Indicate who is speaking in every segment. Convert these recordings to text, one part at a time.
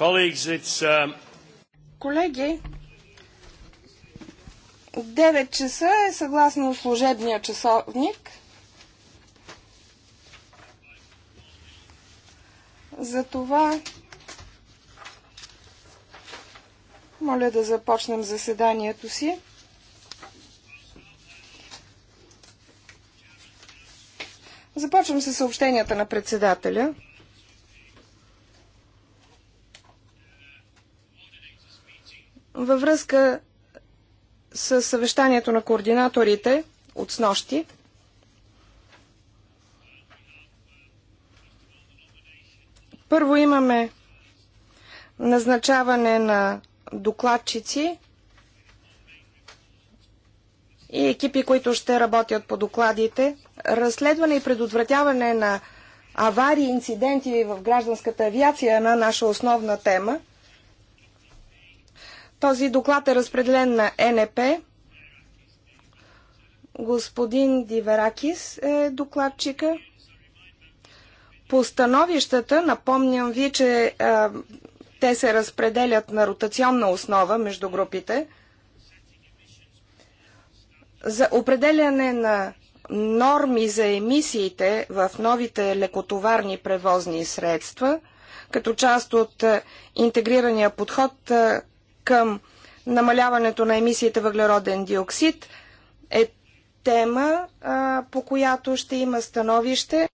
Speaker 1: Um,
Speaker 2: Колеги, 9 часа е съгласно служебния часовник. Затова моля да започнем заседанието си. Започвам с съобщенията на председателя. Във връзка с съвещанието на координаторите от снощи, първо имаме назначаване на докладчици и екипи, които ще работят по докладите, разследване и предотвратяване на аварии, инциденти в гражданската авиация е една наша основна тема. Този доклад е разпределен на НП. Господин Диверакис е докладчика. По становищата, напомням ви, че а, те се разпределят на ротационна основа между групите. За определяне на норми за емисиите в новите лекотоварни превозни средства, като част от интегрирания подход към намаляването на емисиите въглероден диоксид е тема, а, по която ще има становище.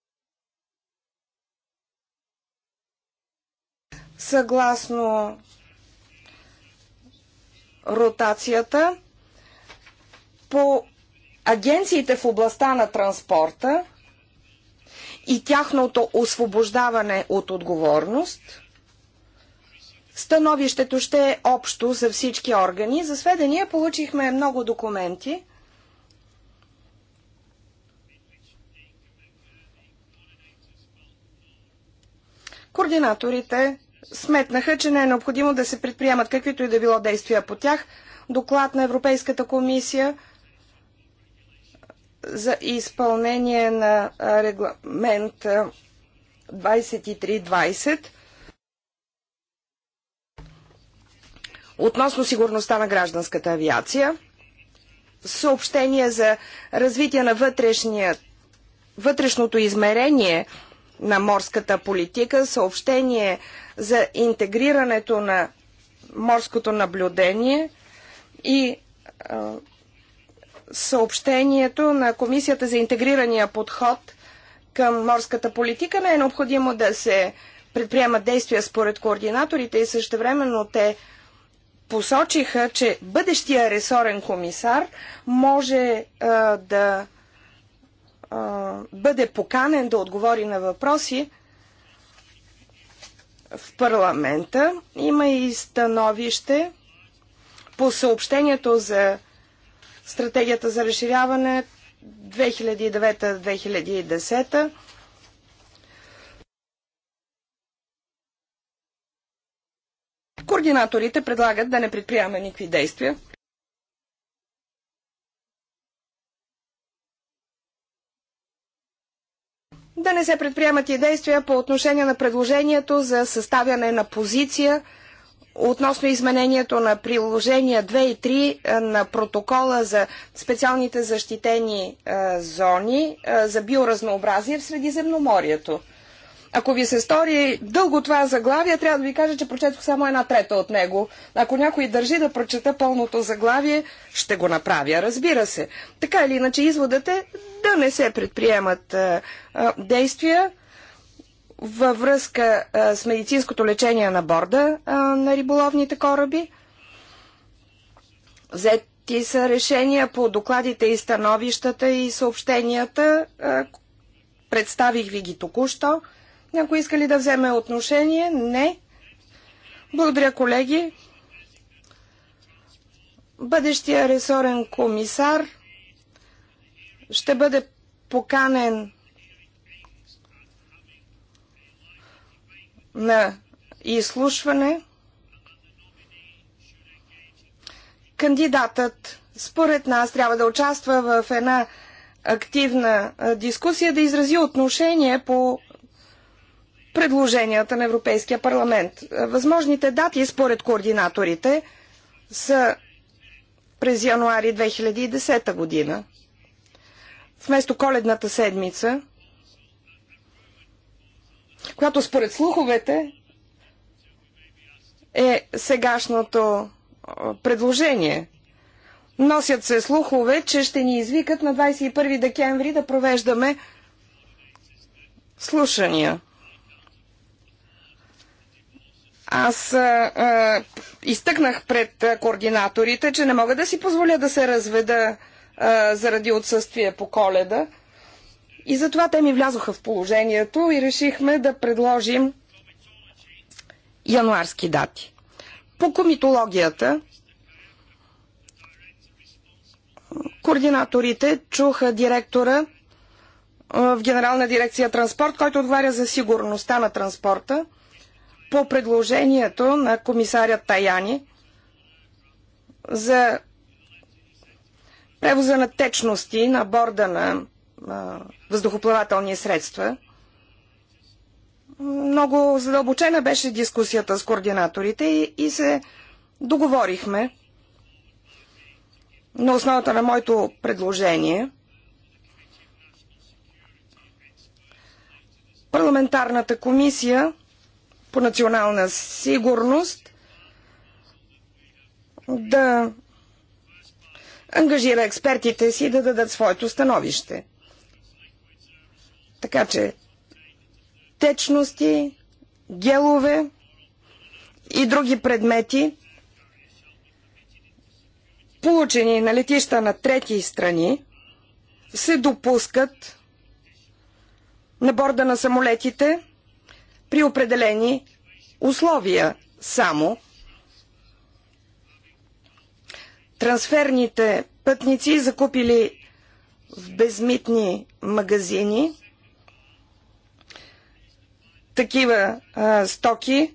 Speaker 2: Съгласно ротацията по агенциите в областта на транспорта и тяхното освобождаване от отговорност – Становището ще е общо за всички органи. За сведения получихме много документи. Координаторите сметнаха, че не е необходимо да се предприемат каквито и да било действия по тях. Доклад на Европейската комисия за изпълнение на регламент 2320 относно сигурността на гражданската авиация, съобщение за развитие на вътрешния, вътрешното измерение на морската политика, съобщение за интегрирането на морското наблюдение и а, съобщението на Комисията за интегрирания подход към морската политика. Не е необходимо да се предприемат действия според координаторите и същевременно те посочиха, че бъдещия ресорен комисар може а, да а, бъде поканен да отговори на въпроси в парламента. Има и становище по съобщението за стратегията за разширяване 2009-2010 Координаторите предлагат да не предприемаме никакви действия. Да не се предприемат и действия по отношение на предложението за съставяне на позиция относно изменението на приложения 2 и 3 е, на протокола за специалните защитени е, зони е, за биоразнообразие в Средиземноморието. Ако ви се стори дълго това заглавие, трябва да ви кажа, че прочетох само една трета от него. Ако някой държи да прочета пълното заглавие, ще го направя, разбира се. Така или иначе, изводът е да не се предприемат а, а, действия във връзка а, с медицинското лечение на борда а, на риболовните кораби. Взети са решения по докладите и становищата и съобщенията. А, представих ви ги току-що. Някой иска ли да вземе отношение? Не. Благодаря, колеги. Бъдещия ресорен комисар ще бъде поканен на изслушване. Кандидатът, според нас, трябва да участва в една активна дискусия, да изрази отношение по предложенията на Европейския парламент. Възможните дати според координаторите са през януари 2010 година. Вместо коледната седмица, която според слуховете е сегашното предложение. Носят се слухове, че ще ни извикат на 21 декември да провеждаме слушания. Аз а, а, изтъкнах пред координаторите, че не мога да си позволя да се разведа а, заради отсъствие по коледа. И затова те ми влязоха в положението и решихме да предложим януарски дати. По комитологията, координаторите чуха директора в Генерална дирекция транспорт, който отговаря за сигурността на транспорта – по предложението на комисаря Таяни за превоза на течности на борда на въздухоплавателни средства. Много задълбочена беше дискусията с координаторите и, и се договорихме на основата на моето предложение парламентарната комисия по национална сигурност да ангажира експертите си да дадат своето становище. Така че течности, гелове и други предмети, получени на летища на трети страни, се допускат на борда на самолетите при определени условия само. Трансферните пътници, закупили в безмитни магазини такива а, стоки,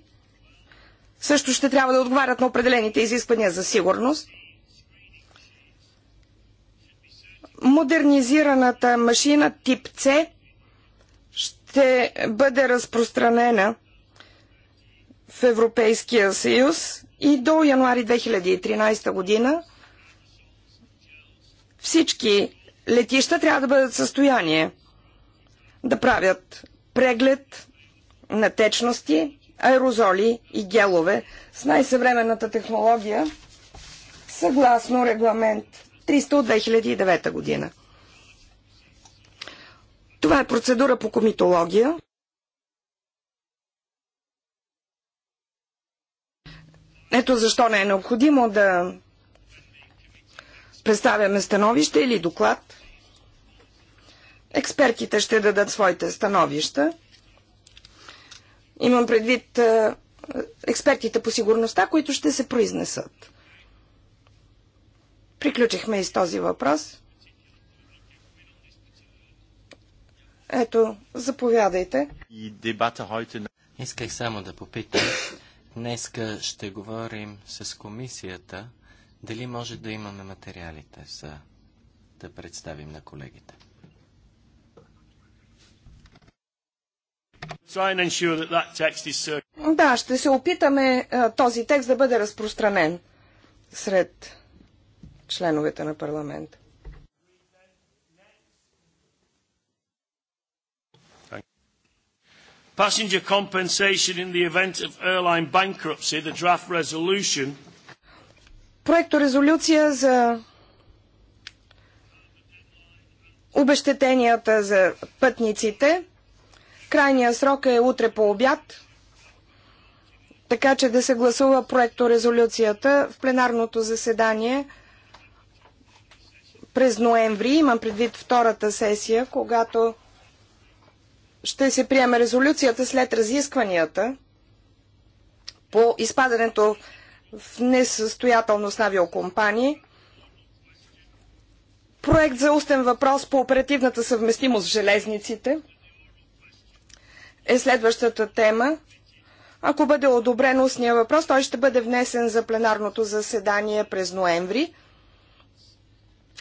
Speaker 2: също ще трябва да отговарят на определените изисквания за сигурност. Модернизираната машина тип С ще бъде разпространена в Европейския съюз и до януари 2013 година всички летища трябва да бъдат в състояние да правят преглед на течности, аерозоли и гелове с най-съвременната технология съгласно регламент 300 от 2009 година. Това е процедура по комитология. Ето защо не е необходимо да представяме становище или доклад. Експертите ще дадат своите становища. Имам предвид е, експертите по сигурността, които ще се произнесат. Приключихме и с този въпрос. Ето, заповядайте.
Speaker 3: И дебата на... Исках само да попитам. Днеска ще говорим с комисията дали може да имаме материалите за да представим на колегите.
Speaker 2: Да, ще се опитаме този текст да бъде разпространен сред членовете на парламента.
Speaker 1: Passenger compensation in the event of airline bankruptcy, the draft resolution.
Speaker 2: Проекто резолюция за обещетенията за пътниците. Крайният срок е утре по обяд, така че да се гласува проекто резолюцията в пленарното заседание през ноември. Имам предвид втората сесия, когато ще се приеме резолюцията след разискванията по изпадането в несъстоятелност на авиокомпании, проект за устен въпрос по оперативната съвместимост в железниците е следващата тема. Ако бъде одобрен устния въпрос, той ще бъде внесен за пленарното заседание през ноември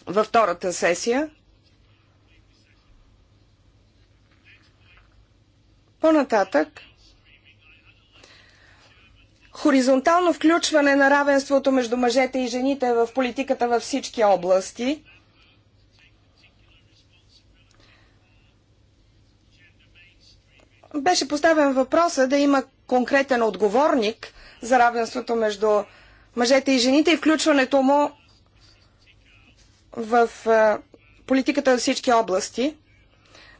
Speaker 2: във втората сесия. По-нататък, хоризонтално включване на равенството между мъжете и жените в политиката във всички области. Беше поставен въпроса да има конкретен отговорник за равенството между мъжете и жените и включването му в политиката във всички области –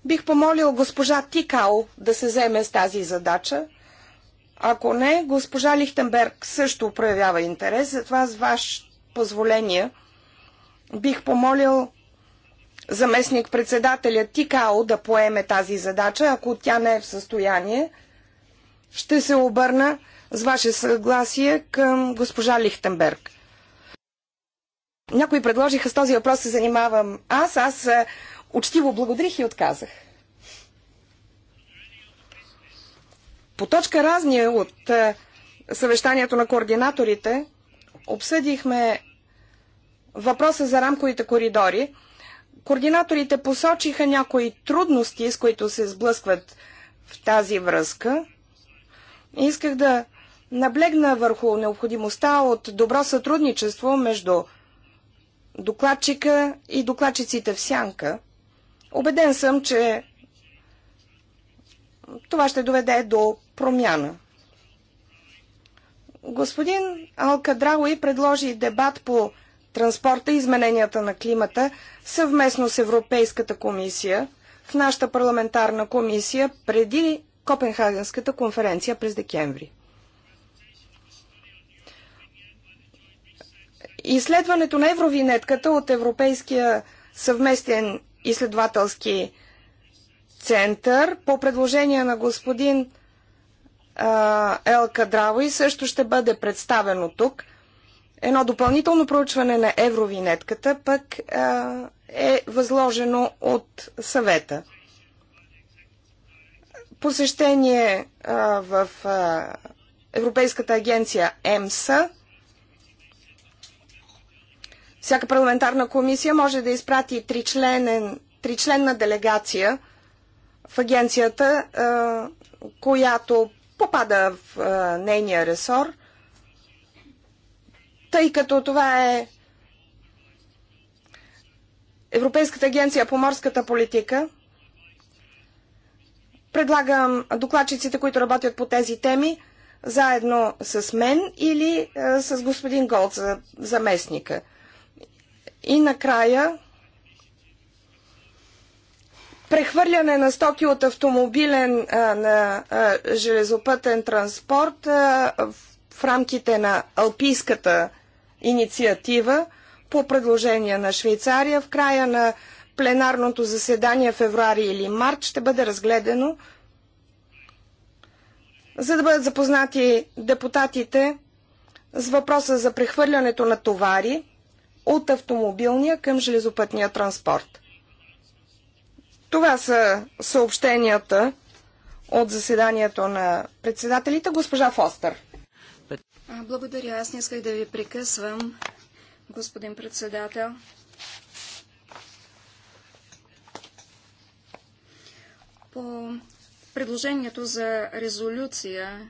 Speaker 2: Бих помолил госпожа Тикао да се вземе с тази задача. Ако не, госпожа Лихтенберг също проявява интерес, затова с ваше позволение бих помолил заместник председателя Тикао да поеме тази задача. Ако тя не е в състояние, ще се обърна с ваше съгласие към госпожа Лихтенберг. Някои предложиха с този въпрос се занимавам аз. Аз Учтиво благодарих и отказах. По точка разни от е, съвещанието на координаторите обсъдихме въпроса за рамковите коридори. Координаторите посочиха някои трудности, с които се сблъскват в тази връзка. Исках да наблегна върху необходимостта от добро сътрудничество между докладчика и докладчиците в сянка. Обеден съм, че това ще доведе до промяна. Господин Алкадрауи предложи дебат по транспорта и измененията на климата съвместно с Европейската комисия в нашата парламентарна комисия преди Копенхагенската конференция през декември. Изследването на евровинетката от Европейския съвместен изследователски център по предложение на господин Ел Кадраво и също ще бъде представено тук. Едно допълнително проучване на евровинетката пък е възложено от съвета. Посещение в Европейската агенция ЕМСА всяка парламентарна комисия може да изпрати тричленен, тричленна делегация в агенцията, е, която попада в е, нейния ресор, тъй като това е Европейската агенция по морската политика. Предлагам докладчиците, които работят по тези теми, заедно с мен или е, с господин Голд, заместника. И накрая прехвърляне на стоки от автомобилен а, на а, железопътен транспорт а, в рамките на Алпийската инициатива по предложение на Швейцария в края на пленарното заседание февруари или март ще бъде разгледано, за да бъдат запознати депутатите с въпроса за прехвърлянето на товари от автомобилния към железопътния транспорт. Това са съобщенията от заседанието на председателите, госпожа Фостер.
Speaker 4: Благодаря. Аз не исках да ви прекъсвам, господин председател. По предложението за резолюция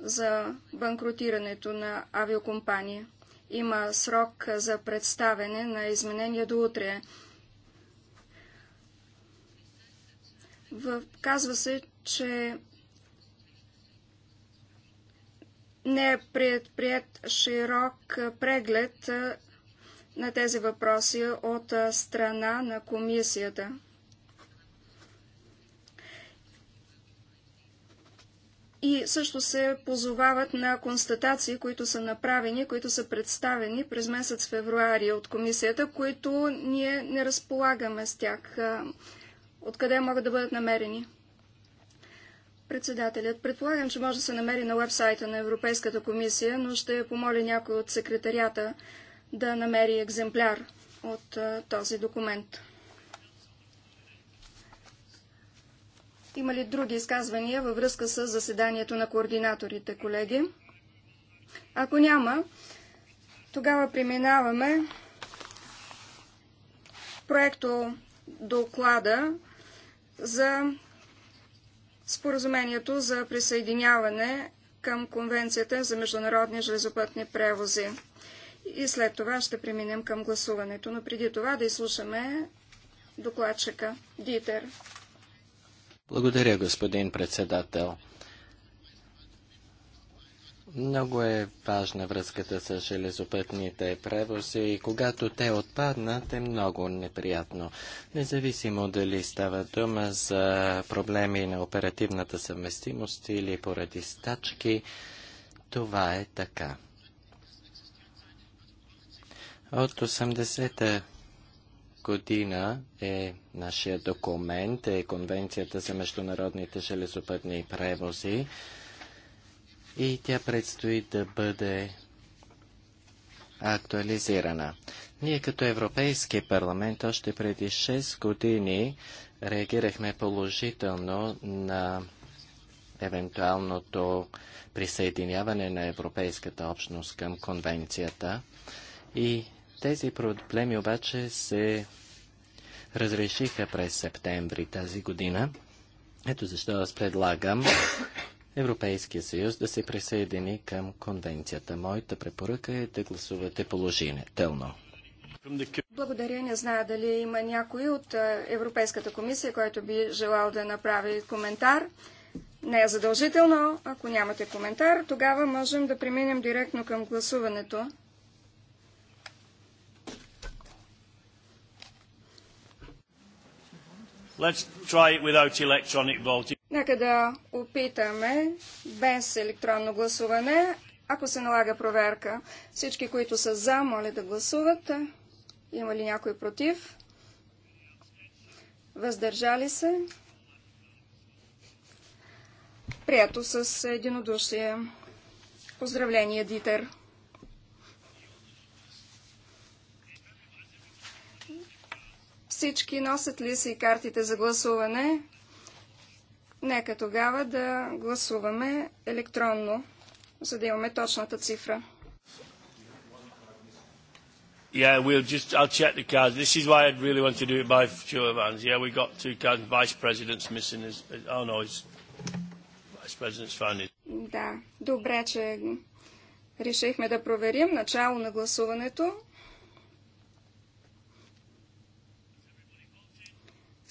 Speaker 4: за банкротирането на авиокомпания – има срок за представене на изменения до утре. В... Казва се, че не е предприят широк преглед на тези въпроси от страна на комисията. и също се позовават на констатации, които са направени, които са представени през месец февруари от комисията, които ние не разполагаме с тях. Откъде могат да бъдат намерени? Председателят, предполагам, че може да се намери на вебсайта на Европейската комисия, но ще помоля някой от секретарията да намери екземпляр от този документ. Има ли други изказвания във връзка с заседанието на координаторите, колеги? Ако няма, тогава преминаваме проекто доклада за споразумението за присъединяване към Конвенцията за международни железопътни превози. И след това ще преминем към гласуването, но преди това да изслушаме докладчика Дитер.
Speaker 3: Благодаря, господин председател. Много е важна връзката с железопътните превози и когато те отпаднат е много неприятно. Независимо дали става дума за проблеми на оперативната съвместимост или поради стачки, това е така. От 80-та година е нашия документ, е Конвенцията за международните железопътни превози и тя предстои да бъде актуализирана. Ние като Европейски парламент още преди 6 години реагирахме положително на евентуалното присъединяване на Европейската общност към конвенцията и тези проблеми обаче се разрешиха през септември тази година. Ето защо аз предлагам Европейския съюз да се присъедини към конвенцията. Моята препоръка е да гласувате положително.
Speaker 2: Благодаря.
Speaker 4: Не зная дали има някой от е, Европейската комисия, който би желал да направи коментар. Не е задължително. Ако нямате коментар, тогава можем да преминем директно към гласуването.
Speaker 1: Let's try it without electronic voting.
Speaker 4: Нека да опитаме без електронно гласуване, ако се налага проверка. Всички, които са за, моля да гласуват. Има ли някой против? Въздържали се? Прието с единодушие. Поздравление, Дитер! Всички носят ли си картите за гласуване? Нека тогава да гласуваме електронно, за да имаме точната цифра.
Speaker 1: Yeah, we'll just, I'll check the cards. This is why I'd really want to do it by show of hands. Yeah, we got two cards. Vice President's missing his, oh no, his, Vice President's found it.
Speaker 4: Да, добре, че решихме да проверим начало на гласуването.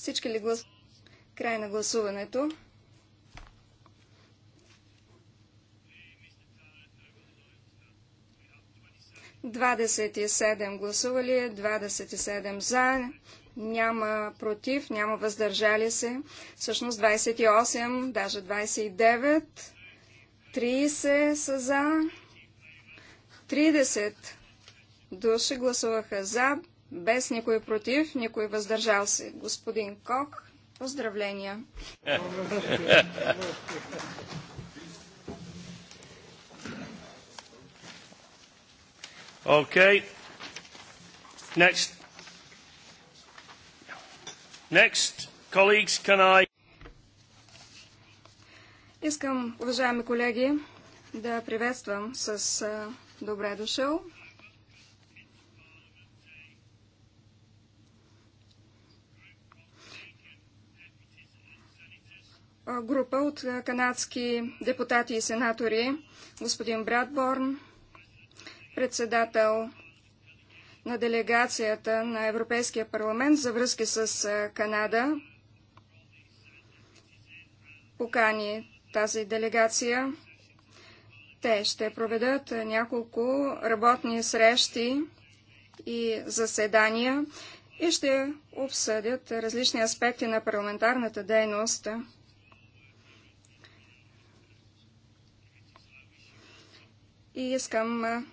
Speaker 4: Всички ли глас... Край на гласуването. Двадесет и седем гласували, двадесет и седем за, няма против, няма въздържали се. Всъщност 28, даже 29, 30 са за, 30 души гласуваха за, без никой против, никой въздържал се. Господин Кок, поздравления!
Speaker 1: Okay. Next. Next, colleagues, can I...
Speaker 4: Искам, уважаеми колеги, да приветствам с добре дошъл група от канадски депутати и сенатори, господин Брадборн, председател на делегацията на Европейския парламент за връзки с Канада, покани тази делегация. Те ще проведат няколко работни срещи и заседания и ще обсъдят различни аспекти на парламентарната дейност. и искам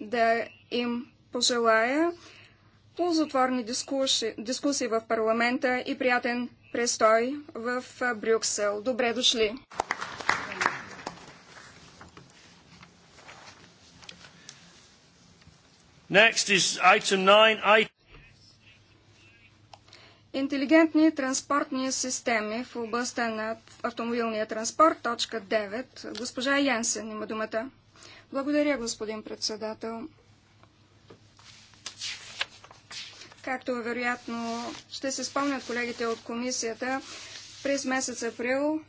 Speaker 4: да им пожелая ползотворни дискусии, дискусии в парламента и приятен престой в Брюксел. Добре дошли!
Speaker 1: Next is item 9. I...
Speaker 4: Интелигентни транспортни системи в областта на автомобилния транспорт, точка 9. Госпожа Янсен има думата. Благодаря, господин председател. Както вероятно ще се спомнят колегите от комисията, през месец април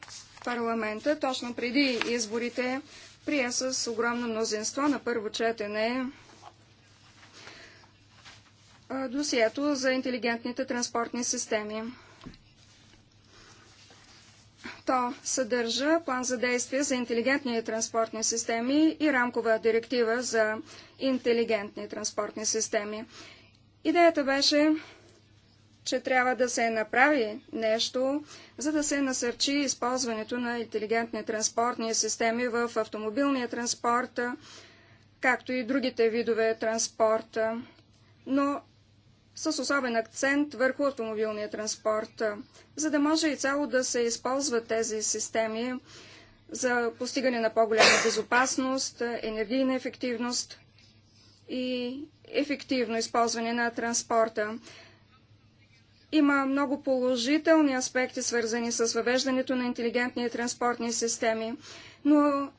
Speaker 4: парламента, точно преди изборите, прие с огромно мнозинство на първо четене досието за интелигентните транспортни системи. То съдържа план за действие за интелигентни транспортни системи и рамкова директива за интелигентни транспортни системи. Идеята беше, че трябва да се направи нещо, за да се насърчи използването на интелигентни транспортни системи в автомобилния транспорт, както и другите видове транспорта. Но с особен акцент върху автомобилния транспорт, за да може и цяло да се използват тези системи за постигане на по-голяма безопасност, енергийна ефективност и ефективно използване на транспорта. Има много положителни аспекти, свързани с въвеждането на интелигентни транспортни системи, но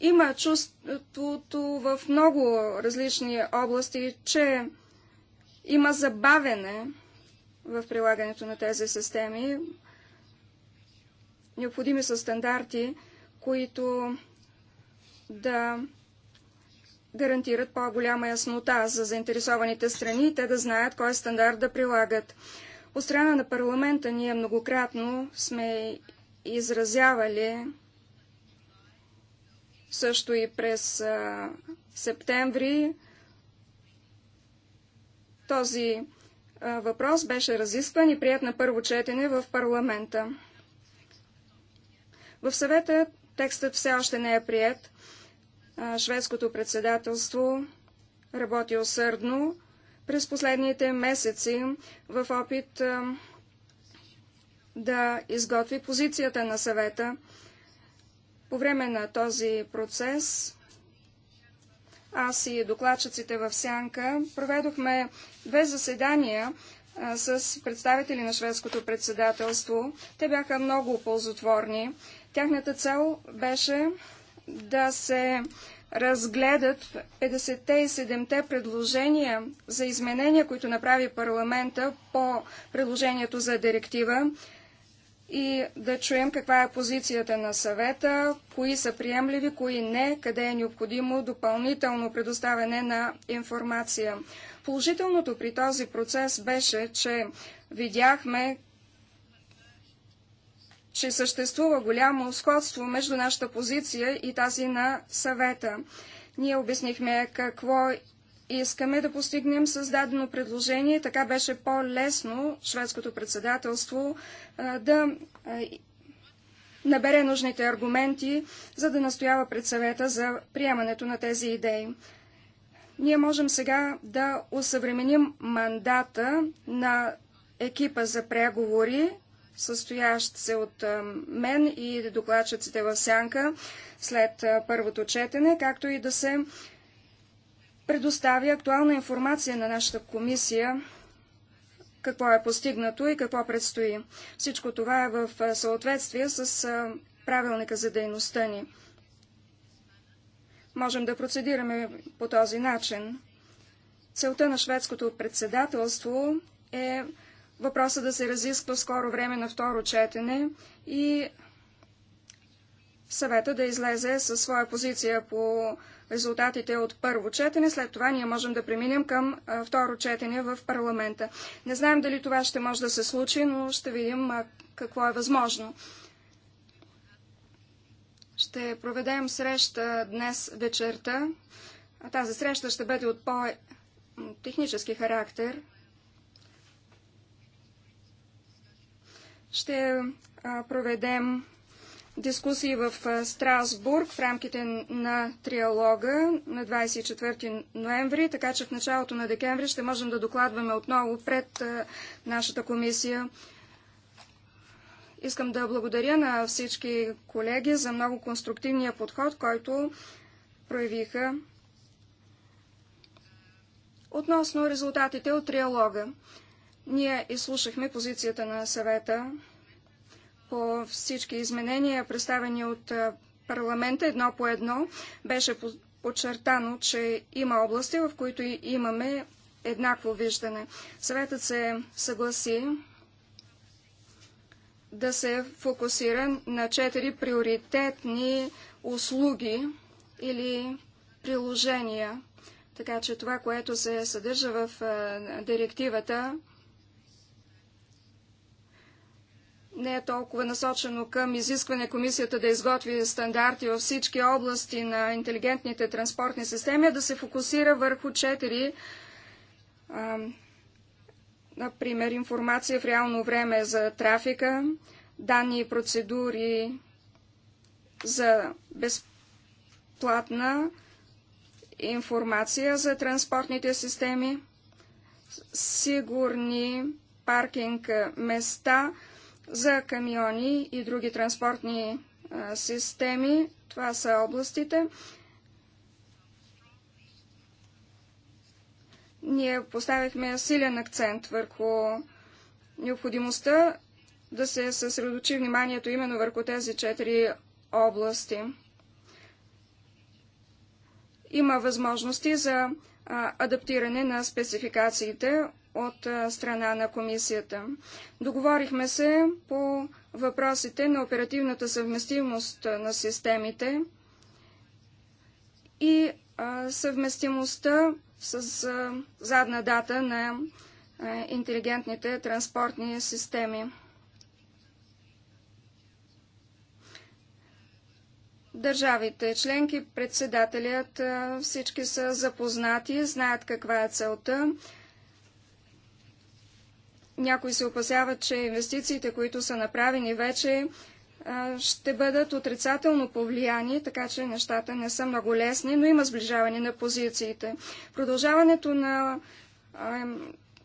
Speaker 4: има чувството в много различни области, че има забавене в прилагането на тези системи. Необходими са стандарти, които да гарантират по-голяма яснота за заинтересованите страни и те да знаят кой стандарт да прилагат. От страна на парламента ние многократно сме изразявали също и през а, септември този въпрос беше разискван и прият на първо четене в парламента. В съвета текстът все още не е прият. Шведското председателство работи усърдно през последните месеци в опит да изготви позицията на съвета. По време на този процес аз и докладчиците в Сянка проведохме две заседания а, с представители на шведското председателство. Те бяха много ползотворни. Тяхната цел беше да се разгледат 50-те и те предложения за изменения, които направи парламента по предложението за директива и да чуем каква е позицията на съвета, кои са приемливи, кои не, къде е необходимо допълнително предоставяне на информация. Положителното при този процес беше, че видяхме, че съществува голямо сходство между нашата позиция и тази на съвета. Ние обяснихме какво искаме да постигнем създадено предложение. Така беше по-лесно шведското председателство да набере нужните аргументи, за да настоява пред съвета за приемането на тези идеи. Ние можем сега да усъвременим мандата на екипа за преговори, състоящ се от мен и докладчиците в сянка след първото четене, както и да се предоставя актуална информация на нашата комисия, какво е постигнато и какво предстои. Всичко това е в съответствие с правилника за дейността ни. Можем да процедираме по този начин. Целта на шведското председателство е въпроса да се разисква скоро време на второ четене и съвета да излезе със своя позиция по резултатите от първо четене. След това ние можем да преминем към второ четене в парламента. Не знаем дали това ще може да се случи, но ще видим какво е възможно. Ще проведем среща днес вечерта. Тази среща ще бъде от по-технически характер. Ще проведем дискусии в Страсбург в рамките на триалога на 24 ноември, така че в началото на декември ще можем да докладваме отново пред нашата комисия. Искам да благодаря на всички колеги за много конструктивния подход, който проявиха относно резултатите от триалога. Ние изслушахме позицията на съвета по всички изменения, представени от парламента едно по едно, беше подчертано, че има области, в които имаме еднакво виждане. Съветът се съгласи да се фокусира на четири приоритетни услуги или приложения. Така че това, което се съдържа в директивата, не е толкова насочено към изискване комисията да изготви стандарти във всички области на интелигентните транспортни системи, а да се фокусира върху четири, например, информация в реално време за трафика, данни и процедури за безплатна информация за транспортните системи, сигурни паркинг места – за камиони и други транспортни системи. Това са областите. Ние поставихме силен акцент върху необходимостта да се съсредочи вниманието именно върху тези четири области. Има възможности за адаптиране на спецификациите от страна на комисията. Договорихме се по въпросите на оперативната съвместимост на системите и съвместимостта с задна дата на интелигентните транспортни системи. Държавите, членки, председателят, всички са запознати, знаят каква е целта. Някои се опасяват, че инвестициите, които са направени вече, ще бъдат отрицателно повлияни, така че нещата не са много лесни, но има сближаване на позициите. Продължаването на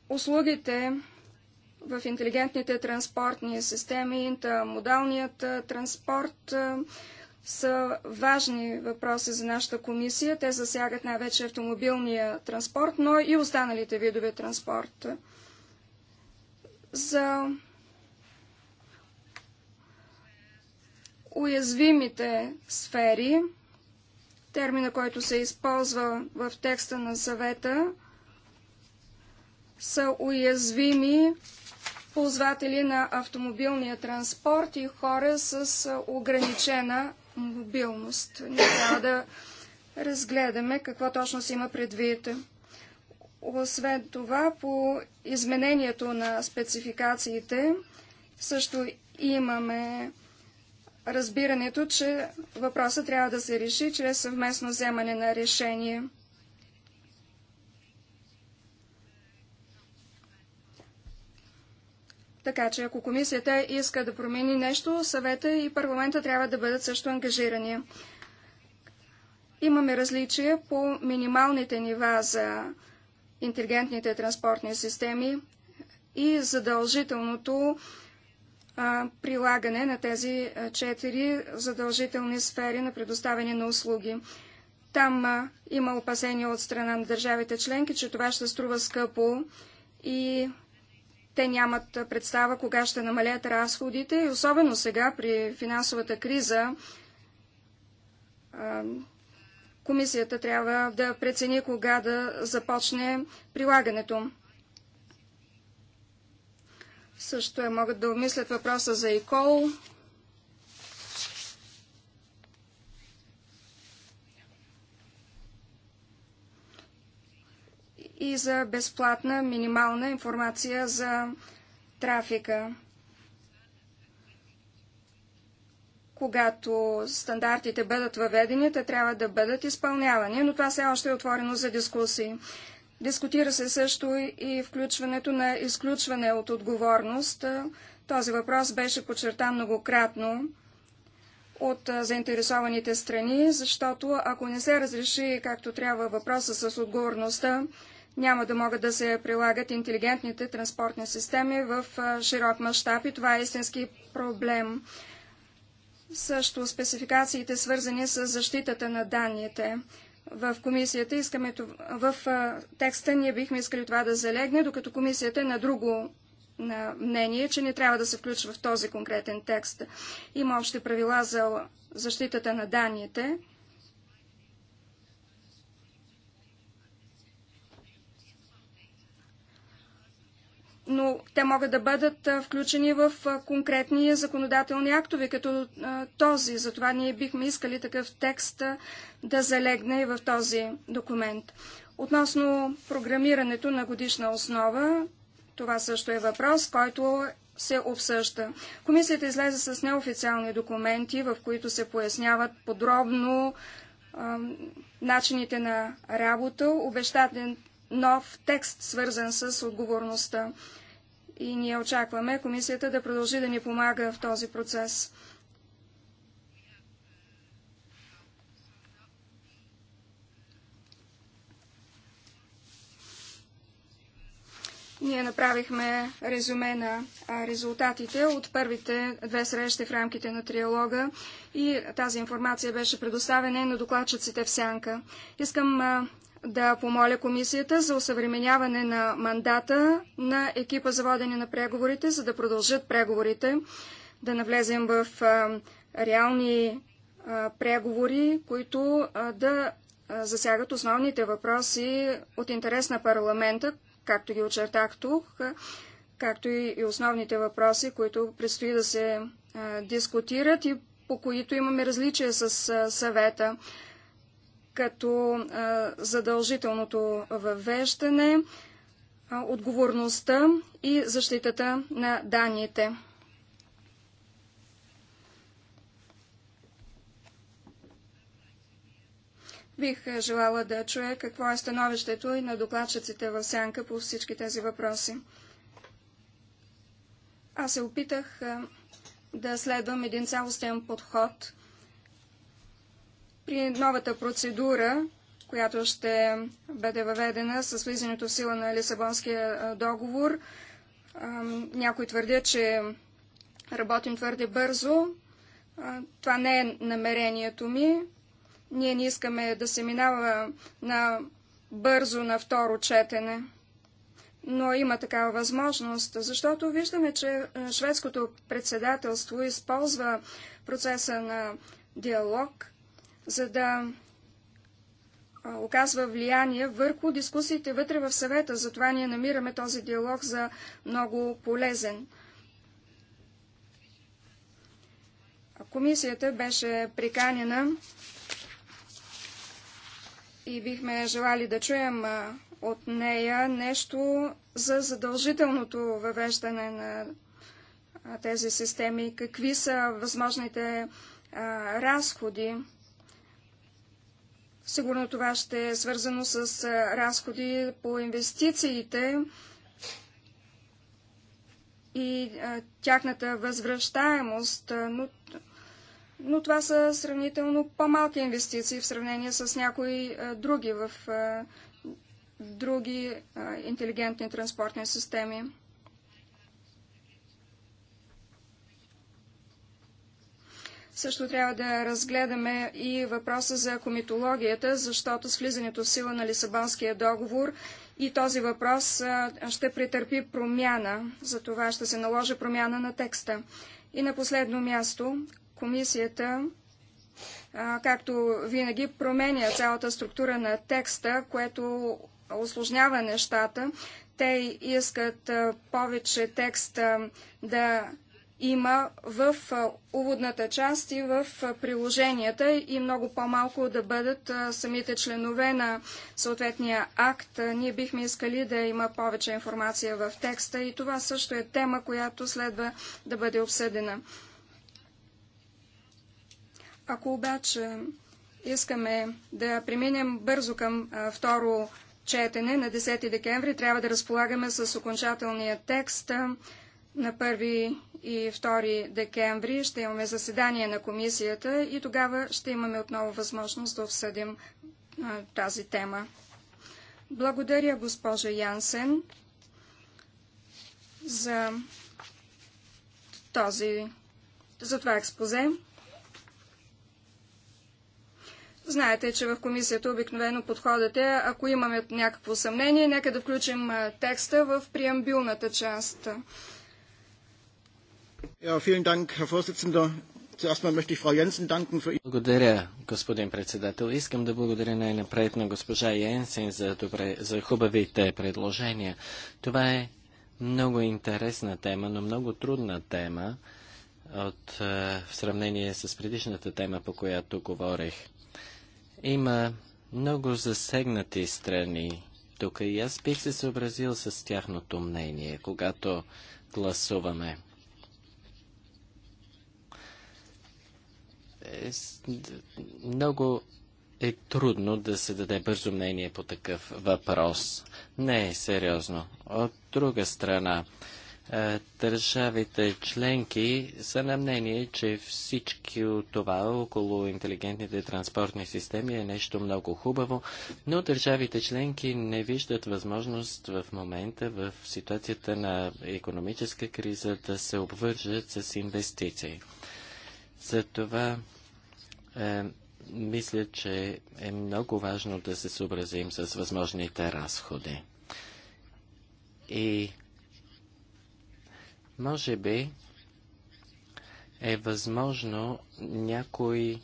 Speaker 4: услугите в интелигентните транспортни системи, интермодалният транспорт са важни въпроси за нашата комисия. Те засягат най-вече автомобилния транспорт, но и останалите видове транспорт за уязвимите сфери, термина, който се използва в текста на съвета, са уязвими ползватели на автомобилния транспорт и хора с ограничена мобилност. Не трябва да разгледаме какво точно се има предвид. Освен това, по изменението на спецификациите също имаме разбирането, че въпросът трябва да се реши чрез съвместно вземане на решение. Така че ако комисията иска да промени нещо, съвета и парламента трябва да бъдат също ангажирани. Имаме различия по минималните нива за интелигентните транспортни системи и задължителното прилагане на тези четири задължителни сфери на предоставяне на услуги. Там има опасения от страна на държавите членки, че това ще струва скъпо и те нямат представа кога ще намалят разходите и особено сега при финансовата криза Комисията трябва да прецени кога да започне прилагането. Също е, могат да обмислят въпроса за ИКОЛ. и за безплатна минимална информация за трафика. когато стандартите бъдат въведени, те трябва да бъдат изпълнявани, но това все още е отворено за дискусии. Дискутира се също и включването на изключване от отговорност. Този въпрос беше подчертан многократно от заинтересованите страни, защото ако не се разреши както трябва въпроса с отговорността, няма да могат да се прилагат интелигентните транспортни системи в широк мащаб и това е истински проблем. Също спецификациите, свързани с защитата на данните. В комисията искаме в текста ние бихме искали това да залегне, докато комисията е на друго на мнение, че не трябва да се включва в този конкретен текст. Има общи правила за защитата на данните. но те могат да бъдат включени в конкретни законодателни актове, като този. Затова ние бихме искали такъв текст да залегне и в този документ. Относно програмирането на годишна основа, това също е въпрос, който се обсъжда. Комисията излезе с неофициални документи, в които се поясняват подробно начините на работа. Обещателен нов текст, свързан с отговорността. И ние очакваме комисията да продължи да ни помага в този процес. Ние направихме резюме на резултатите от първите две срещи в рамките на триалога и тази информация беше предоставена на докладчиците в Сянка. Искам да помоля комисията за усъвременяване на мандата на екипа за водене на преговорите, за да продължат преговорите, да навлезем в реални преговори, които да засягат основните въпроси от интерес на парламента, както ги очертах тук, както и основните въпроси, които предстои да се дискутират и по които имаме различия с съвета като задължителното въвеждане, отговорността и защитата на данните. Бих желала да чуя какво е становището и на докладчиците в сянка по всички тези въпроси. Аз се опитах да следвам един цялостен подход – при новата процедура, която ще бъде въведена с влизането в сила на Лисабонския договор, някои твърдят, че работим твърде бързо. Това не е намерението ми. Ние не искаме да се минава на бързо на второ четене. Но има такава възможност, защото виждаме, че шведското председателство използва процеса на диалог за да оказва влияние върху дискусиите вътре в съвета. Затова ние намираме този диалог за много полезен. Комисията беше приканена и бихме желали да чуем от нея нещо за задължителното въвеждане на тези системи. Какви са възможните разходи? Сигурно това ще е свързано с разходи по инвестициите и тяхната възвръщаемост, но, но това са сравнително по-малки инвестиции в сравнение с някои други в други интелигентни транспортни системи. Също трябва да разгледаме и въпроса за комитологията, защото с влизането в сила на Лисабонския договор и този въпрос ще претърпи промяна. За това ще се наложи промяна на текста. И на последно място, комисията, както винаги, променя цялата структура на текста, което осложнява нещата. Те искат повече текста да има в уводната част и в приложенията и много по-малко да бъдат самите членове на съответния акт. Ние бихме искали да има повече информация в текста и това също е тема, която следва да бъде обсъдена. Ако обаче искаме да преминем бързо към второ четене на 10 декември, трябва да разполагаме с окончателния текст. На 1 и 2 декември ще имаме заседание на комисията и тогава ще имаме отново възможност да обсъдим а, тази тема. Благодаря, госпожа Янсен, за този, за това експозе. Знаете, че в комисията обикновено подходът е, ако имаме някакво съмнение, нека да включим текста в преамбилната
Speaker 3: част. Благодаря, господин председател. Искам да благодаря най-напред на госпожа Йенсен за, добре, за хубавите предложения. Това е много интересна тема, но много трудна тема от, е, в сравнение с предишната тема, по която говорих. Има много засегнати страни тук и аз бих се съобразил с тяхното мнение, когато гласуваме. е, много е трудно да се даде бързо мнение по такъв въпрос. Не е сериозно. От друга страна, е, държавите членки са на мнение, че всички от това около интелигентните транспортни системи е нещо много хубаво, но държавите членки не виждат възможност в момента, в ситуацията на економическа криза, да се обвържат с инвестиции. Затова е, мисля, че е много важно да се съобразим с възможните разходи. И може би е възможно някои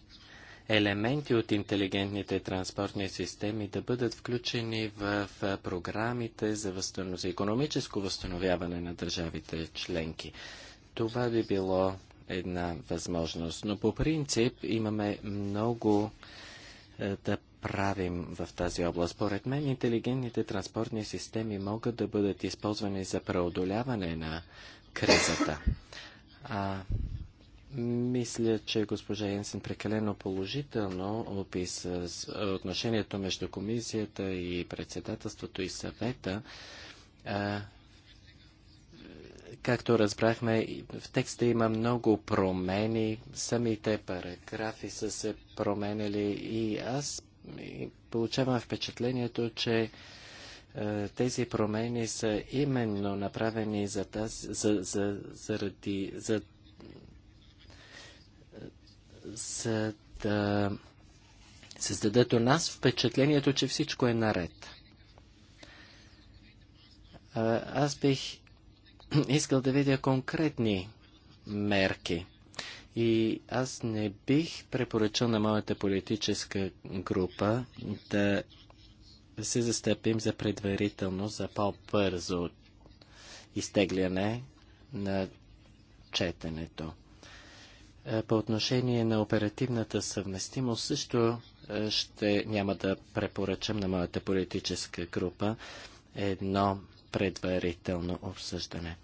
Speaker 3: елементи от интелигентните транспортни системи да бъдат включени в, в програмите за, възстанов... за економическо възстановяване на държавите членки. Това би било една възможност. Но по принцип имаме много е, да правим в тази област. Поред мен интелигентните транспортни системи могат да бъдат използвани за преодоляване на кризата. А, мисля, че госпожа Енсен прекалено положително описа е, отношението между комисията и председателството и съвета. А, Както разбрахме, в текста има много промени, самите параграфи са се променили и аз получавам впечатлението, че е, тези промени са именно направени за тази, за, за, заради, за, за да създадат у нас впечатлението, че всичко е наред. Аз бих искал да видя конкретни мерки. И аз не бих препоръчал на моята политическа група да се застъпим за предварително, за по-бързо изтегляне на четенето. Е, по отношение на оперативната съвместимост също е, ще няма да препоръчам на моята политическа група едно предварително обсъждане.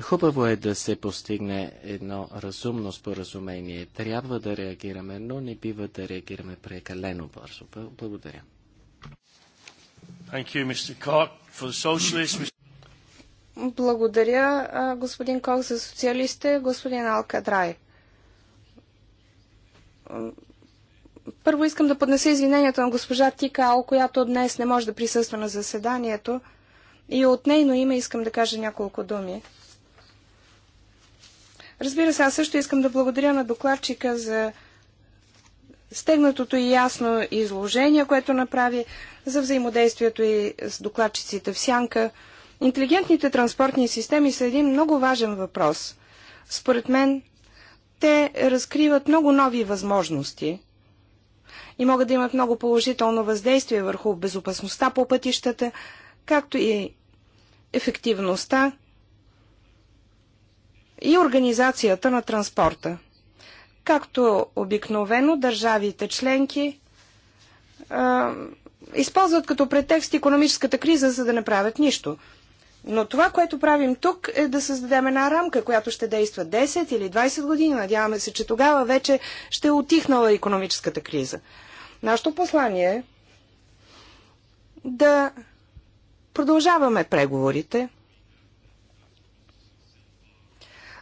Speaker 3: Хубаво е да се постигне едно разумно споразумение. Трябва да реагираме, но не бива да реагираме прекалено бързо. Благодаря.
Speaker 2: Благодаря, господин Кок, за социалистите, господин Алкадрай. Първо искам да поднеса извиненията на госпожа Ал, която днес не може да присъства на заседанието. И от нейно име искам да кажа няколко думи. Разбира се, аз също искам да благодаря на докладчика за стегнатото и ясно изложение, което направи за взаимодействието и с докладчиците в сянка. Интелигентните транспортни системи са един много важен въпрос. Според мен, те разкриват много нови възможности и могат да имат много положително въздействие върху безопасността по пътищата, както и ефективността и организацията на транспорта. Както обикновено, държавите членки а, използват като претекст економическата криза, за да не правят нищо. Но това, което правим тук е да създадем една рамка, която ще действа 10 или 20 години. Надяваме се, че тогава вече ще е отихнала економическата криза. Нашето послание е да Продължаваме преговорите.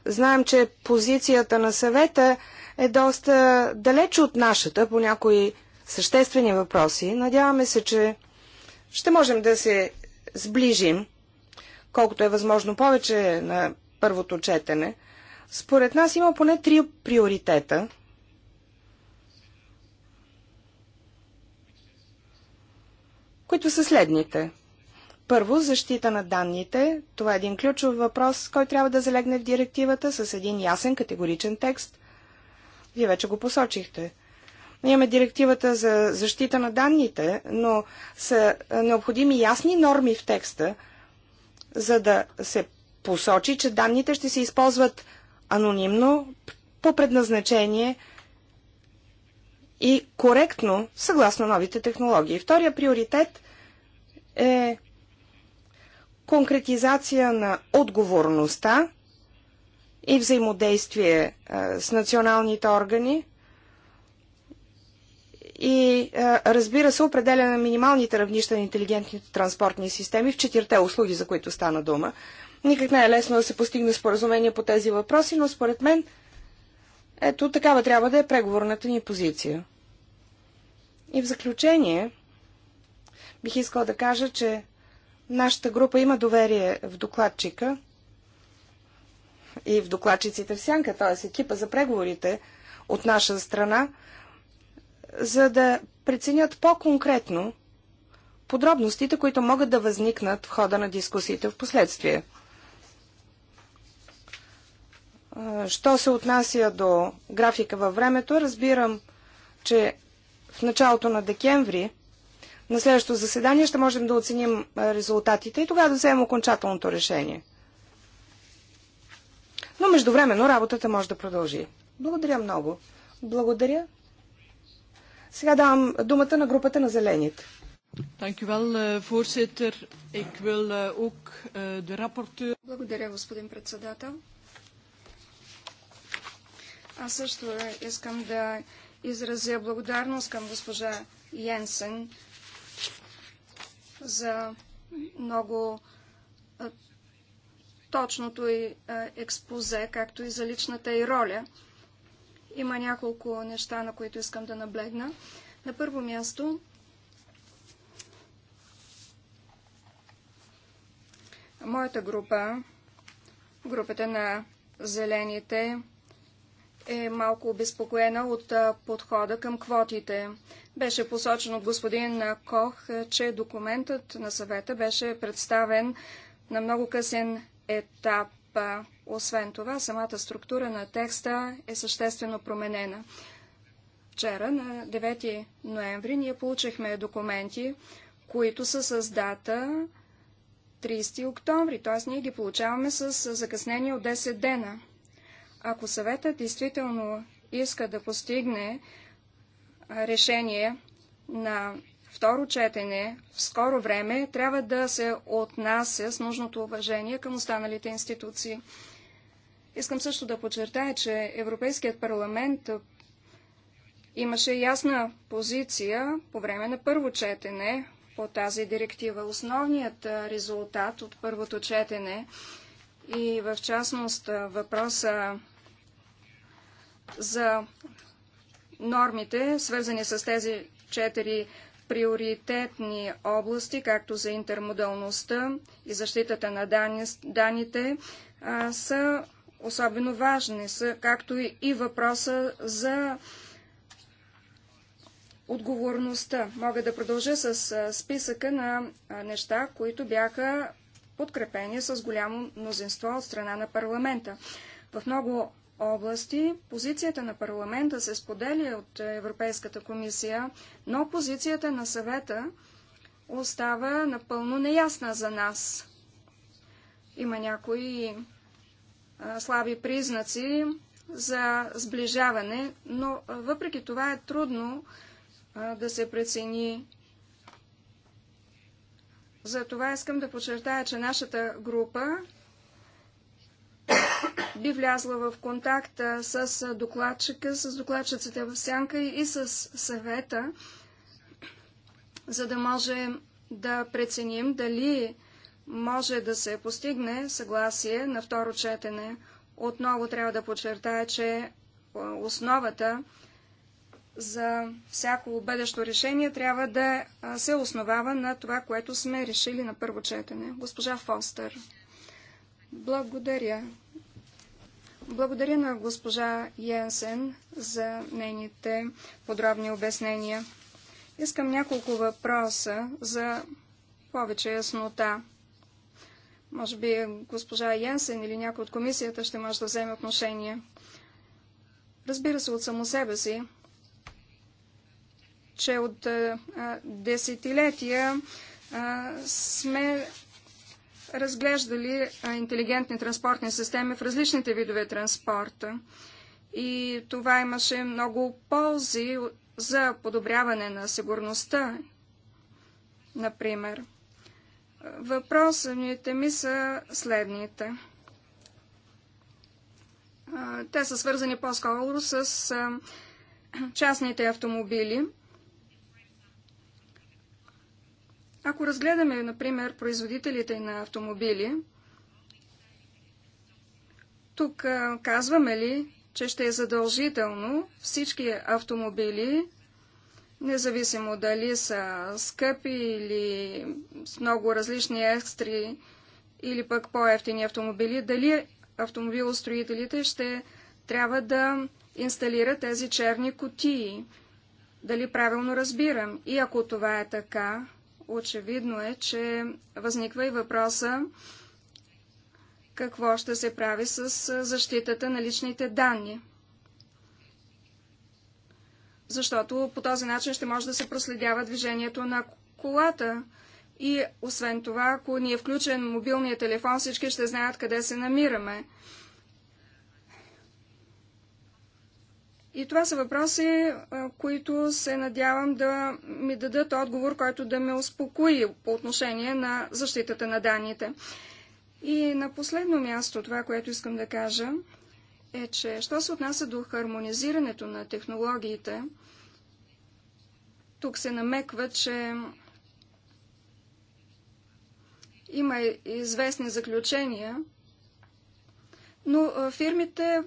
Speaker 2: Знаем, че позицията на съвета е доста далеч от нашата по някои съществени въпроси. Надяваме се, че ще можем да се сближим, колкото е възможно повече на първото четене. Според нас има поне три приоритета. които са следните – първо, защита на данните. Това е един ключов въпрос, който трябва да залегне в директивата с един ясен, категоричен текст. Вие вече го посочихте. Имаме директивата за защита на данните, но са необходими ясни норми в текста, за да се посочи, че данните ще се използват анонимно, по предназначение и коректно, съгласно новите технологии. Втория приоритет е конкретизация на отговорността и взаимодействие е, с националните органи и е, разбира се определя на минималните равнища на интелигентните транспортни системи в четирте услуги, за които стана дума. Никак не е лесно да се постигне споразумение по тези въпроси, но според мен ето такава трябва да е преговорната ни позиция. И в заключение бих искал да кажа, че Нашата група има доверие в докладчика и в докладчиците в сянка, т.е. екипа за преговорите от наша страна, за да преценят по-конкретно подробностите, които могат да възникнат в хода на дискусиите в последствие. Що се отнася до графика във времето, разбирам, че в началото на декември на следващото заседание ще можем да оценим резултатите и тогава да вземем окончателното решение. Но междувременно работата може да продължи. Благодаря много. Благодаря. Сега давам думата на групата на зелените.
Speaker 3: Eh, eh, eh,
Speaker 4: Благодаря, господин председател. Аз също искам да изразя благодарност към госпожа Йенсен за много точното и експозе, както и за личната и роля. Има няколко неща, на които искам да наблегна. На първо място, моята група, групата на зелените, е малко обезпокоена от подхода към квотите. Беше посочен от господин Кох, че документът на съвета беше представен на много късен етап. Освен това, самата структура на текста е съществено променена. Вчера, на 9 ноември, ние получихме документи, които са с дата 30 октомври, т.е. ние ги получаваме с закъснение от 10 дена. Ако съветът действително иска да постигне решение на второ четене в скоро време, трябва да се отнася с нужното уважение към останалите институции. Искам също да подчертая, че Европейският парламент имаше ясна позиция по време на първо четене по тази директива. Основният резултат от първото четене и в частност въпроса за нормите, свързани с тези четири приоритетни области, както за интермодалността и защитата на данните, са особено важни, както и въпроса за отговорността. Мога да продължа с списъка на неща, които бяха подкрепени с голямо мнозинство от страна на парламента. В много области позицията на парламента се споделя от Европейската комисия, но позицията на съвета остава напълно неясна за нас. Има някои слаби признаци за сближаване, но въпреки това е трудно да се прецени. За това искам да подчертая, че нашата група би влязла в контакт с докладчика, с докладчиците в сянка и с съвета, за да може да преценим дали може да се постигне съгласие на второ четене. Отново трябва да подчертая, че основата за всяко бъдещо решение трябва да се основава на това, което сме решили на първо четене. Госпожа Фостер. Благодаря, благодаря на госпожа Йенсен за нейните подробни обяснения. Искам няколко въпроса за повече яснота. Може би госпожа Янсен или някой от комисията ще може да вземе отношение. Разбира се от само себе си, че от а, десетилетия а, сме разглеждали интелигентни транспортни системи в различните видове транспорта. И това имаше много ползи за подобряване на сигурността, например. Въпросите ми са следните. Те са свързани по-скоро с частните автомобили – Ако разгледаме, например, производителите на автомобили, тук казваме ли, че ще е задължително всички автомобили, независимо дали са скъпи или с много различни екстри или пък по-ефтини автомобили, дали автомобилостроителите ще трябва да инсталират тези черни кутии. Дали правилно разбирам? И ако това е така, очевидно е, че възниква и въпроса какво ще се прави с защитата на личните данни. Защото по този начин ще може да се проследява движението на колата. И освен това, ако ни е включен мобилния телефон, всички ще знаят къде се намираме. И това са въпроси, които се надявам да ми дадат отговор, който да ме успокои по отношение на защитата на данните. И на последно място, това, което искам да кажа, е, че що се отнася до хармонизирането на технологиите, тук се намеква, че има известни заключения, но фирмите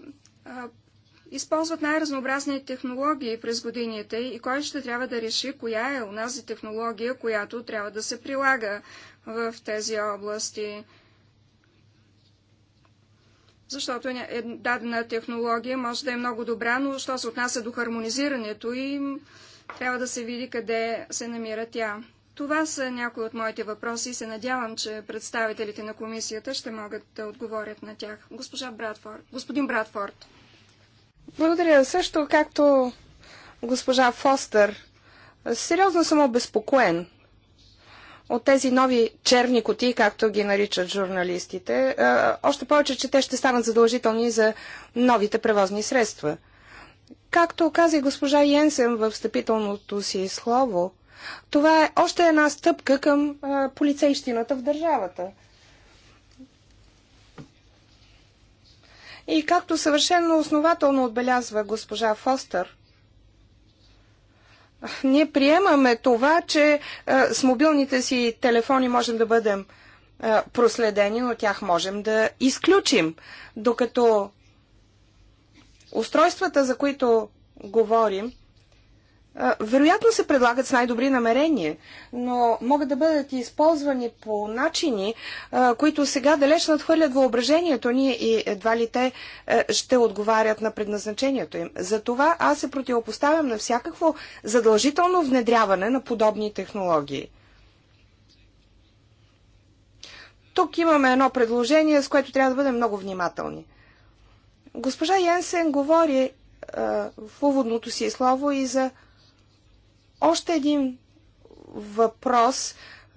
Speaker 4: използват най-разнообразни технологии през годините и кой ще трябва да реши коя е унази технология, която трябва да се прилага в тези области. Защото дадена технология може да е много добра, но що се отнася до хармонизирането и трябва да се види къде се намира тя. Това са някои от моите въпроси и се надявам, че представителите на комисията ще могат да отговорят на тях. Госпожа Братфорд. Господин Братфорд.
Speaker 2: Благодаря. Също както госпожа Фостър, сериозно съм обезпокоен от тези нови черни коти, както ги наричат журналистите. Още повече, че те ще станат задължителни за новите превозни средства. Както каза и госпожа Йенсен в встъпителното си слово, това е още една стъпка към полицейщината в държавата – И както съвършенно основателно отбелязва госпожа Фостър, ние приемаме това, че е, с мобилните си телефони можем да бъдем е, проследени, но тях можем да изключим. Докато устройствата, за които говорим, вероятно се предлагат с най-добри намерения, но могат да бъдат използвани по начини, които сега далеч надхвърлят въображението ни и едва ли те ще отговарят на предназначението им. Затова аз се противопоставям на всякакво задължително внедряване на подобни технологии. Тук имаме едно предложение, с което трябва да бъдем много внимателни. Госпожа Йенсен говори в уводното си слово и за още един въпрос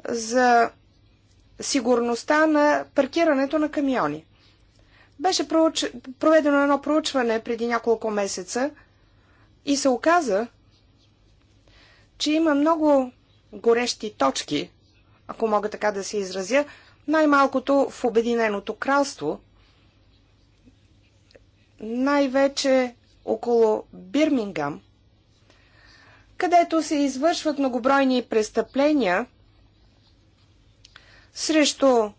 Speaker 2: за сигурността на паркирането на камиони. Беше проуч... проведено едно проучване преди няколко месеца и се оказа, че има много горещи точки, ако мога така да се изразя, най-малкото в Обединеното кралство, най-вече около Бирмингам – където се извършват многобройни престъпления срещу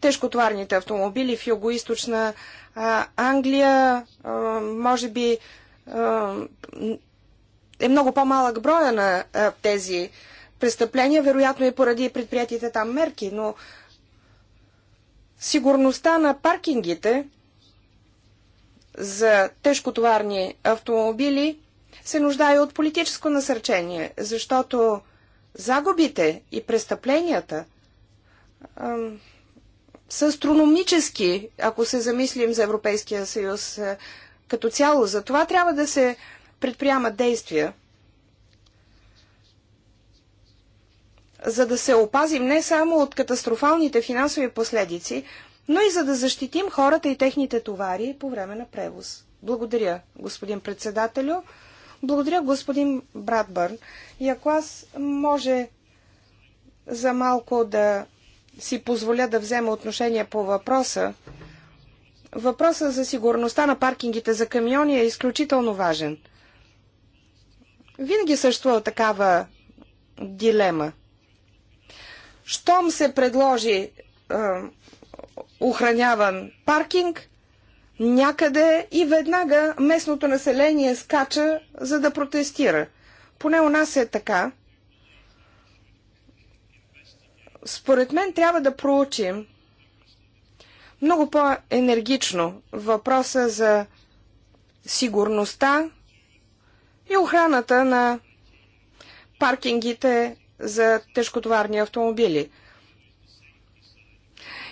Speaker 2: тежкотварните автомобили в Юго-Источна Англия. може би е много по-малък броя на тези престъпления, вероятно и е поради предприятите там мерки, но сигурността на паркингите за тежкотоварни автомобили – се нуждае от политическо насърчение, защото загубите и престъпленията а, са астрономически, ако се замислим за Европейския съюз а, е, като цяло. За това трябва да се предприемат действия, за да се опазим не само от катастрофалните финансови последици, но и за да защитим хората и техните товари по време на превоз. Благодаря, господин председателю. Благодаря, господин Братбърн. И ако аз може за малко да си позволя да взема отношение по въпроса, въпроса за сигурността на паркингите за камиони е изключително важен. Винаги съществува такава дилема. Щом се предложи е, охраняван паркинг, някъде и веднага местното население скача, за да протестира. Поне у нас е така. Според мен трябва да проучим много по-енергично въпроса за сигурността и охраната на паркингите за тежкотоварни автомобили.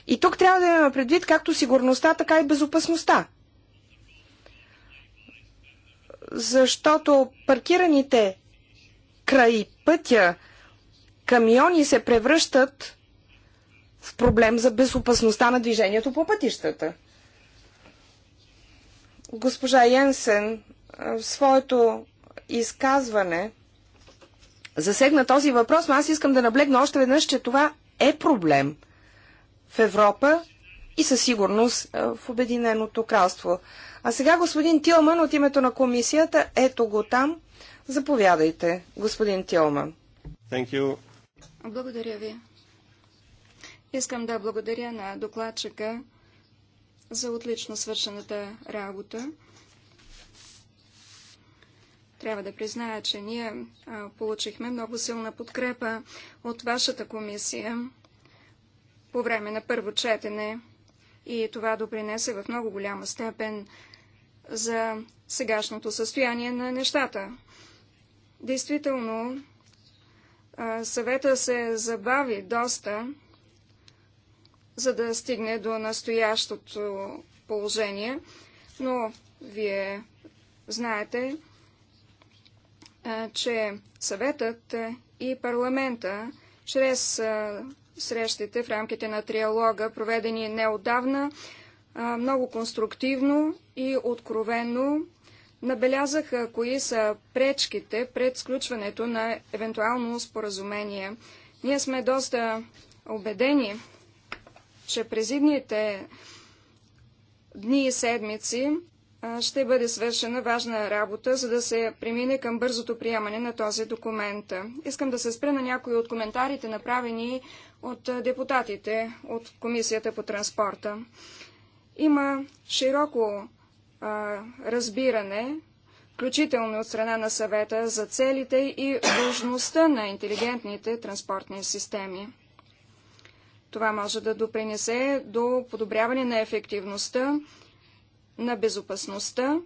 Speaker 2: И тук трябва да имаме предвид както сигурността, така и безопасността. Защото паркираните край пътя камиони се превръщат в проблем за безопасността на движението по пътищата. Госпожа Йенсен в своето изказване засегна този въпрос, но аз искам да наблегна още веднъж, че това е проблем – в Европа и със сигурност в Обединеното кралство. А сега господин Тилман от името на комисията, ето го там. Заповядайте, господин Тилман.
Speaker 1: Thank you.
Speaker 4: Благодаря ви. Искам да благодаря на докладчика за отлично свършената работа. Трябва да призная, че ние получихме много силна подкрепа от вашата комисия по време на първо четене и това допринесе в много голяма степен за сегашното състояние на нещата. Действително, съвета се забави доста, за да стигне до настоящото положение, но вие знаете, че съветът и парламента чрез срещите в рамките на триалога, проведени неодавна, много конструктивно и откровенно набелязаха кои са пречките пред сключването на евентуално споразумение. Ние сме доста убедени, че през идните дни и седмици ще бъде свършена важна работа, за да се премине към бързото приемане на този документ. Искам да се спра на някои от коментарите, направени от депутатите от Комисията по транспорта. Има широко а, разбиране, включително от страна на съвета, за целите и важността на интелигентните транспортни системи. Това може да допринесе до подобряване на ефективността на безопасността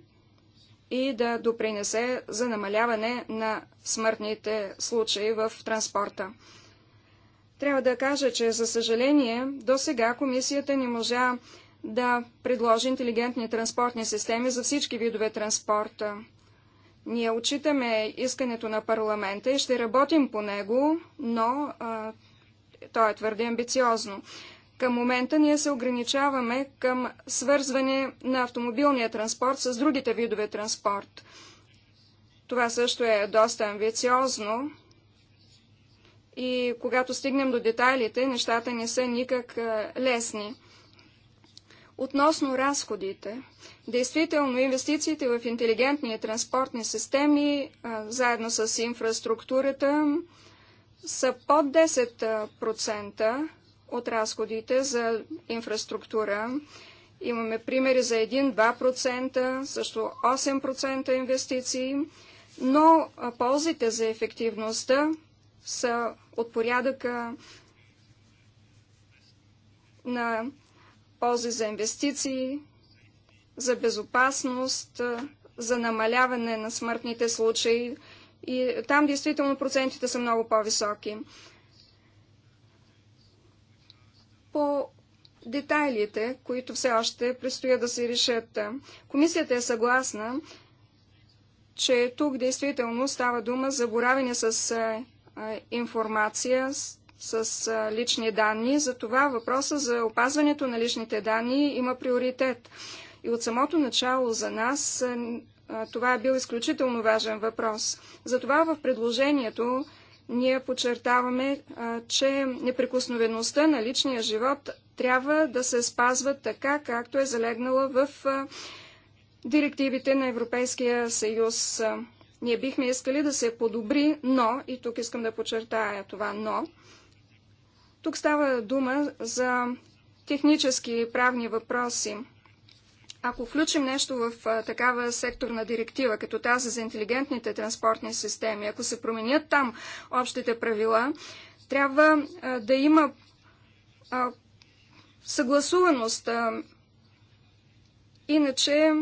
Speaker 4: и да допринесе за намаляване на смъртните случаи в транспорта. Трябва да кажа, че за съжаление до сега комисията не можа да предложи интелигентни транспортни системи за всички видове транспорта. Ние отчитаме искането на парламента и ще работим по него, но а, то е твърде амбициозно. Към момента ние се ограничаваме към свързване на автомобилния транспорт с другите видове транспорт. Това също е доста амбициозно. И когато стигнем до детайлите, нещата не са никак лесни. Относно разходите, действително инвестициите в интелигентни транспортни системи, заедно с инфраструктурата, са под 10%, от разходите за инфраструктура. Имаме примери за 1-2%, също 8% инвестиции, но ползите за ефективността са от порядъка на ползи за инвестиции, за безопасност, за намаляване на смъртните случаи. И там действително процентите са много по-високи по детайлите, които все още предстоят да се решат. Комисията е съгласна, че тук действително става дума за боравене с информация, с лични данни. Затова въпроса за опазването на личните данни има приоритет. И от самото начало за нас това е бил изключително важен въпрос. Затова в предложението ние подчертаваме, че неприкосновеността на личния живот трябва да се спазва така, както е залегнала в директивите на Европейския съюз. Ние бихме искали да се подобри, но, и тук искам да подчертая това но, тук става дума за технически и правни въпроси – ако включим нещо в а, такава секторна директива, като тази за интелигентните транспортни системи, ако се променят там общите правила, трябва а, да има а, съгласуваност. Иначе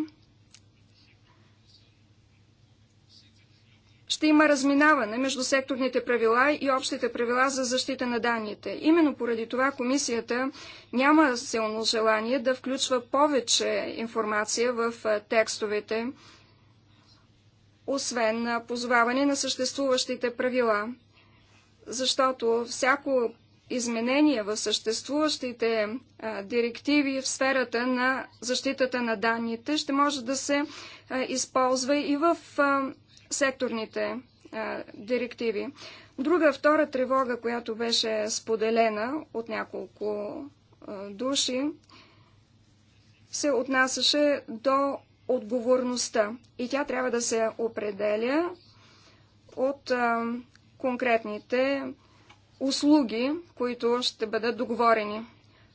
Speaker 4: ще има разминаване между секторните правила и общите правила за защита на данните. Именно поради това комисията няма силно желание да включва повече информация в текстовете, освен на позоваване на съществуващите правила, защото всяко изменение в съществуващите директиви в сферата на защитата на данните ще може да се използва и в секторните а, директиви. Друга втора тревога, която беше споделена от няколко а, души, се отнасяше до отговорността. И тя трябва да се определя от а, конкретните услуги, които ще бъдат договорени.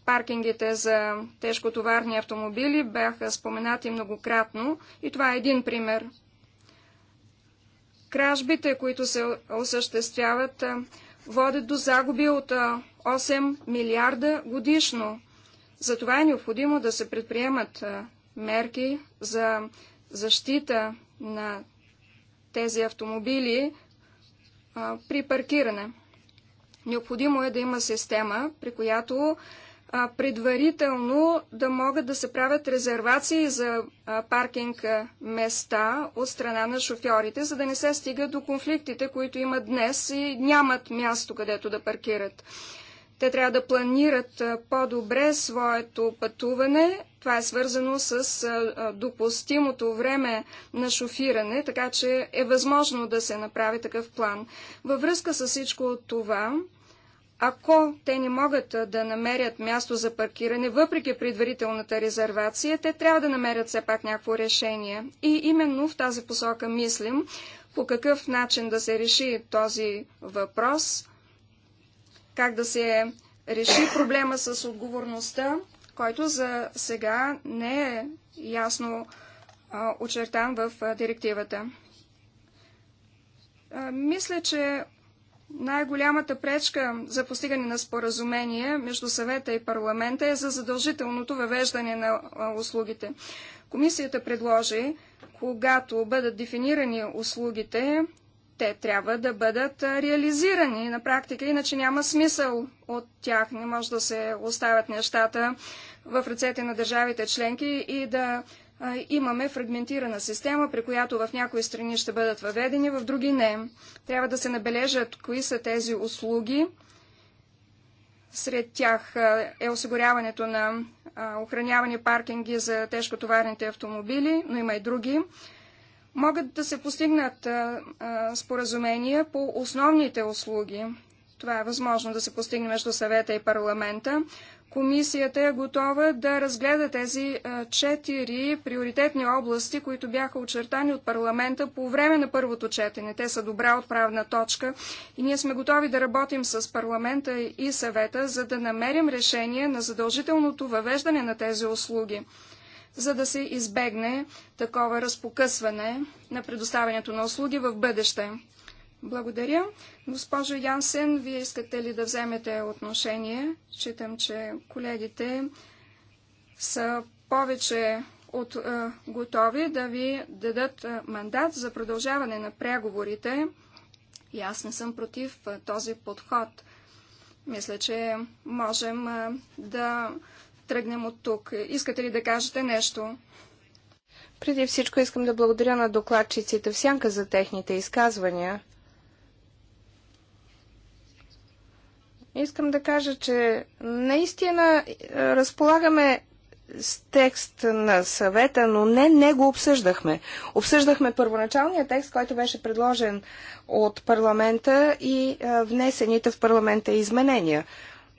Speaker 4: Паркингите за тежкотоварни автомобили бяха споменати многократно и това е един пример – Кражбите, които се осъществяват, водят до загуби от 8 милиарда годишно. Затова е необходимо да се предприемат мерки за защита на тези автомобили при паркиране. Необходимо е да има система, при която предварително да могат да се правят резервации за паркинг места от страна на шофьорите, за да не се стига до конфликтите, които имат днес и нямат място където да паркират. Те трябва да планират по-добре своето пътуване. Това е свързано с допустимото време на шофиране, така че е възможно да се направи такъв план. Във връзка с всичко от това, ако те не могат да намерят място за паркиране, въпреки предварителната резервация, те трябва да намерят все пак някакво решение. И именно в тази посока мислим по какъв начин да се реши този въпрос, как да се реши проблема с отговорността, който за сега не е ясно очертан в директивата. Мисля, че най-голямата пречка за постигане на споразумение между съвета и парламента е за задължителното въвеждане на услугите. Комисията предложи, когато бъдат дефинирани услугите, те трябва да бъдат реализирани на практика, иначе няма смисъл от тях. Не може да се оставят нещата в ръцете на държавите членки и да имаме фрагментирана система, при която в някои страни ще бъдат въведени, в други не. Трябва да се набележат кои са тези услуги. Сред тях е осигуряването на охранявани паркинги за тежкотоварните автомобили, но има и други. Могат да се постигнат споразумения по основните услуги. Това е възможно да се постигне между съвета и парламента. Комисията е готова да разгледа тези четири приоритетни области, които бяха очертани от парламента по време на първото четене. Те са добра отправна точка и ние сме готови да работим с парламента и съвета, за да намерим решение на задължителното въвеждане на тези услуги за да се избегне такова разпокъсване на предоставянето на услуги в бъдеще. Благодаря. Госпожо Янсен, вие искате ли да вземете отношение? Читам, че колегите са повече от е, готови да ви дадат е, мандат за продължаване на преговорите. И аз не съм против е, този подход. Мисля, че можем е, да тръгнем от тук. Искате ли да кажете
Speaker 2: нещо? Преди всичко искам да благодаря на докладчиците в сянка за техните изказвания. Искам да кажа, че наистина е, разполагаме с текст на съвета, но не не го обсъждахме. Обсъждахме първоначалния текст, който беше предложен от парламента и е, внесените в парламента изменения.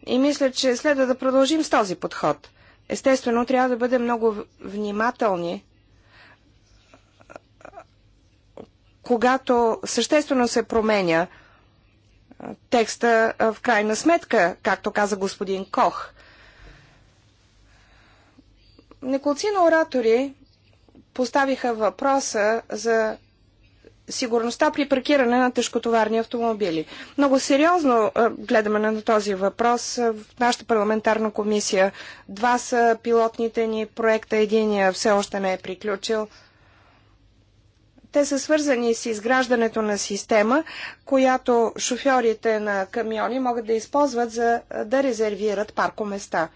Speaker 2: И мисля, че следва да продължим с този подход. Естествено, трябва да бъдем много внимателни, когато съществено се променя текста в крайна сметка, както каза господин Кох. Неколцина оратори поставиха въпроса за сигурността при паркиране на тежкотоварни автомобили. Много сериозно гледаме на този въпрос в нашата парламентарна комисия. Два са пилотните ни проекта, единия все още не е приключил – те са свързани с изграждането на система, която шофьорите на камиони могат да използват за да резервират паркоместа.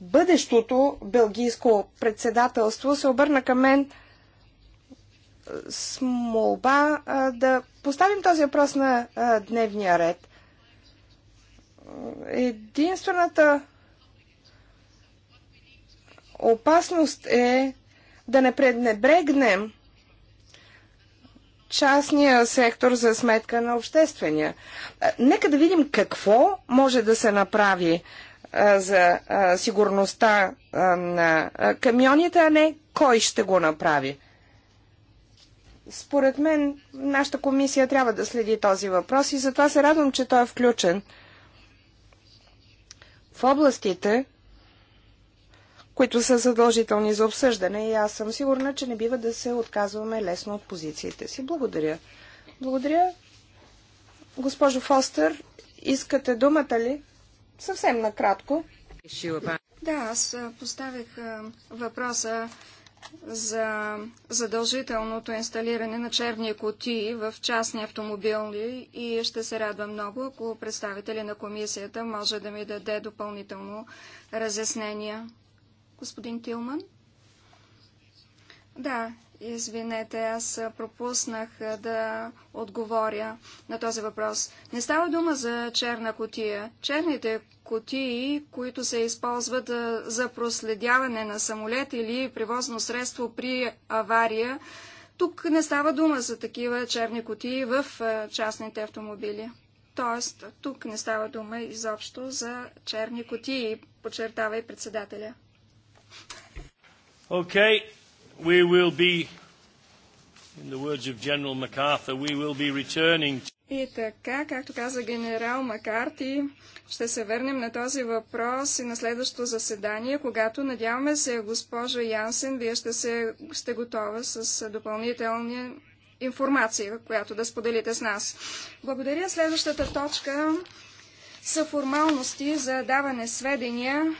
Speaker 2: Бъдещото белгийско председателство се обърна към мен с молба да поставим този въпрос на дневния ред. Единствената опасност е да не пренебрегнем частния сектор за сметка на обществения. Нека да видим какво може да се направи за сигурността на камионите, а не кой ще го направи. Според мен, нашата комисия трябва да следи този въпрос и затова се радвам, че той е включен в областите, които са задължителни за обсъждане и аз съм сигурна, че не бива да се отказваме лесно от позициите си. Благодаря. Благодаря. Госпожо Фостер, искате думата ли? Съвсем накратко.
Speaker 4: Да, аз поставих въпроса за задължителното инсталиране на черни кутии в частни автомобили и ще се радвам много, ако представители на комисията може да ми даде допълнително разяснения господин Тилман. Да, извинете, аз пропуснах да отговоря на този въпрос. Не става дума за черна котия. Черните котии, които се използват за проследяване на самолет или превозно средство при авария, тук не става дума за такива черни котии в частните автомобили. Тоест, тук не става дума изобщо за черни котии, подчертава и председателя.
Speaker 1: Okay, we will be, in the words of General MacArthur, we will be returning to...
Speaker 4: И така, както каза генерал Макарти, ще се върнем на този въпрос и на следващото заседание, когато, надяваме се, госпожа Янсен, вие ще, се, сте готова с допълнителни информация, която да споделите с нас. Благодаря. Следващата точка са формалности за даване сведения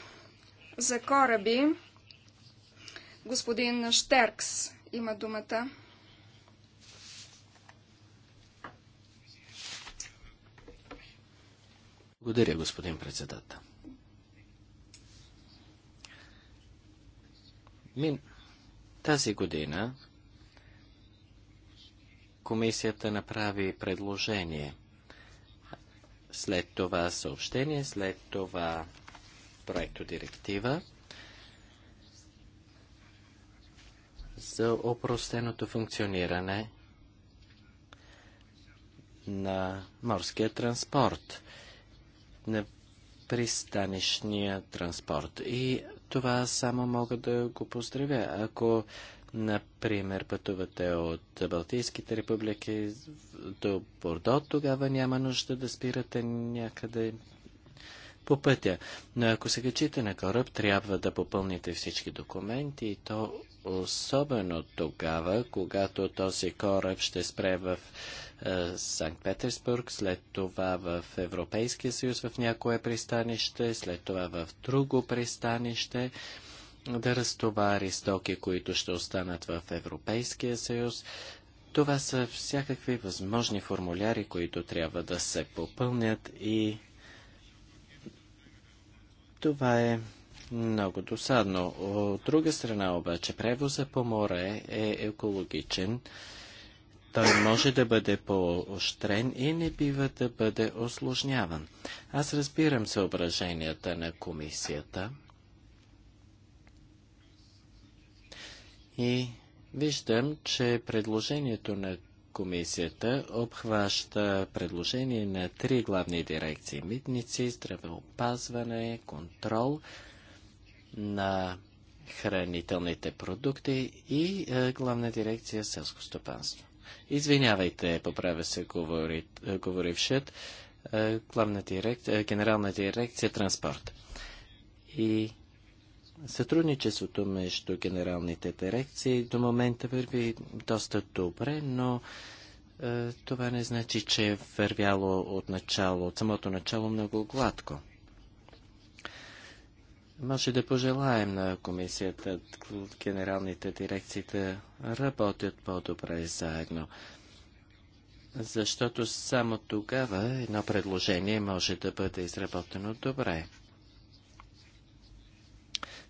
Speaker 4: за кораби. Господин Штеркс има думата.
Speaker 3: Благодаря, господин председател. Мин... Тази година комисията направи предложение. След това съобщение, след това проекто директива за опростеното функциониране на морския транспорт, на пристанищния транспорт. И това само мога да го поздравя. Ако, например, пътувате от Балтийските републики до Бордо, тогава няма нужда да спирате някъде по пътя. Но ако се качите на кораб, трябва да попълните всички документи и то особено тогава, когато този кораб ще спре в е, Санкт-Петербург, след това в Европейския съюз в някое пристанище, след това в друго пристанище да разтовари стоки, които ще останат в Европейския съюз. Това са всякакви възможни формуляри, които трябва да се попълнят и това е много досадно. От друга страна обаче, превоза по море е екологичен. Той може да бъде поощрен и не бива да бъде осложняван. Аз разбирам съображенията на комисията и виждам, че предложението на комисията обхваща предложение на три главни дирекции – митници, здравеопазване, контрол на хранителните продукти и е, главна дирекция селско стопанство. Извинявайте, поправя се е, говорившият, е, главна дирекция, генерална дирекция транспорт. И Сътрудничеството между генералните дирекции до момента върви доста добре, но е, това не значи, че е вървяло от, начало, от самото начало много гладко. Може да пожелаем на комисията, генералните дирекции да работят по-добре заедно, защото само тогава едно предложение може да бъде изработено добре.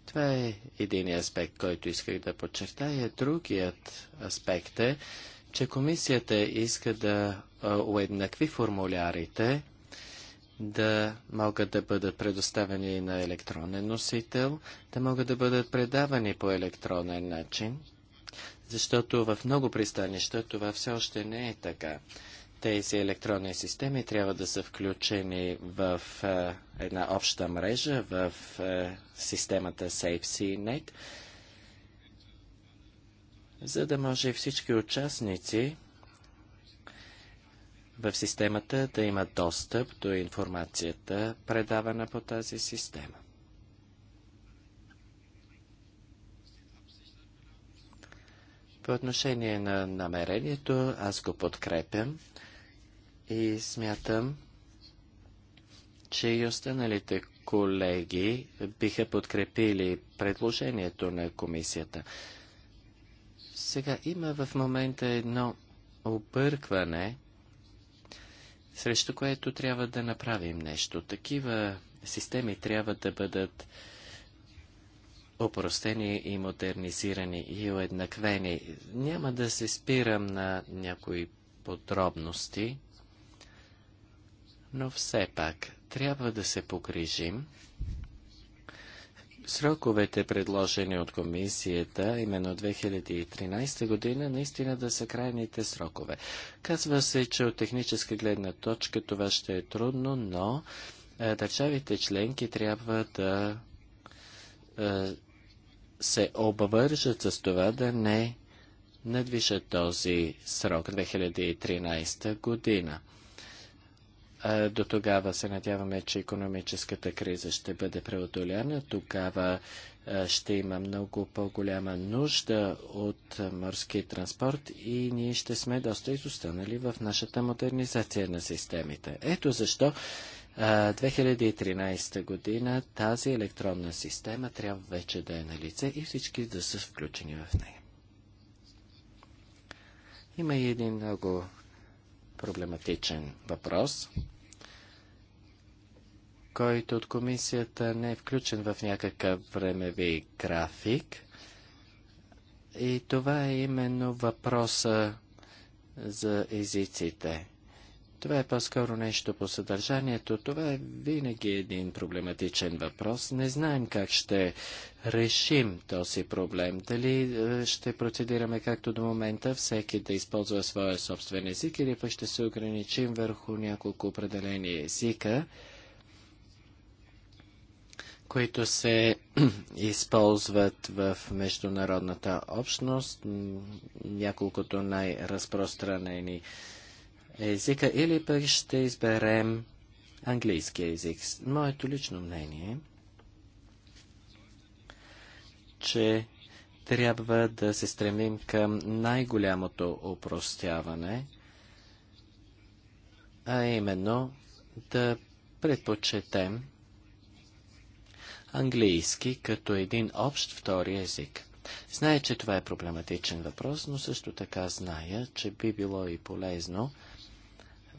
Speaker 3: Това е един аспект, който исках да подчертая. Другият аспект е, че комисията иска да уеднакви формулярите, да могат да бъдат предоставени на електронен носител, да могат да бъдат предавани по електронен начин, защото в много пристанища това все още не е така. Тези електронни системи трябва да са включени в а, е, една обща мрежа, в а, е, системата SafeCNet, за да може всички участници в системата да имат достъп до информацията, предавана по тази система. По отношение на намерението, аз го подкрепям. И смятам, че и останалите колеги биха подкрепили предложението на комисията. Сега има в момента едно объркване, срещу което трябва да направим нещо. Такива системи трябва да бъдат опростени и модернизирани и уеднаквени. Няма да се спирам на някои подробности, но все пак трябва да се погрижим сроковете, предложени от комисията, именно 2013 година, наистина да са крайните срокове. Казва се, че от техническа гледна точка това ще е трудно, но е, държавите членки трябва да е, се обвържат с това да не надвижат този срок 2013 година. До тогава се надяваме, че економическата криза ще бъде преодоляна. Тогава ще има много по-голяма нужда от морски транспорт и ние ще сме доста изостанали в нашата модернизация на системите. Ето защо 2013 година тази електронна система трябва вече да е на лице и всички да са включени в нея. Има и един много проблематичен въпрос – който от комисията не е включен в някакъв времеви график. И това е именно въпроса за езиците. Това е по-скоро нещо по съдържанието. Това е винаги един проблематичен въпрос. Не знаем как ще решим този проблем. Дали е, ще процедираме както до момента, всеки да използва своя собствен език, или пък ще се ограничим върху няколко определени езика които се използват в международната общност, няколкото най-разпространени езика, или пък ще изберем английски език. Моето лично мнение че трябва да се стремим към най-голямото опростяване, а именно да предпочетем английски като един общ втори език. Зная, че това е проблематичен въпрос, но също така зная, че би било и полезно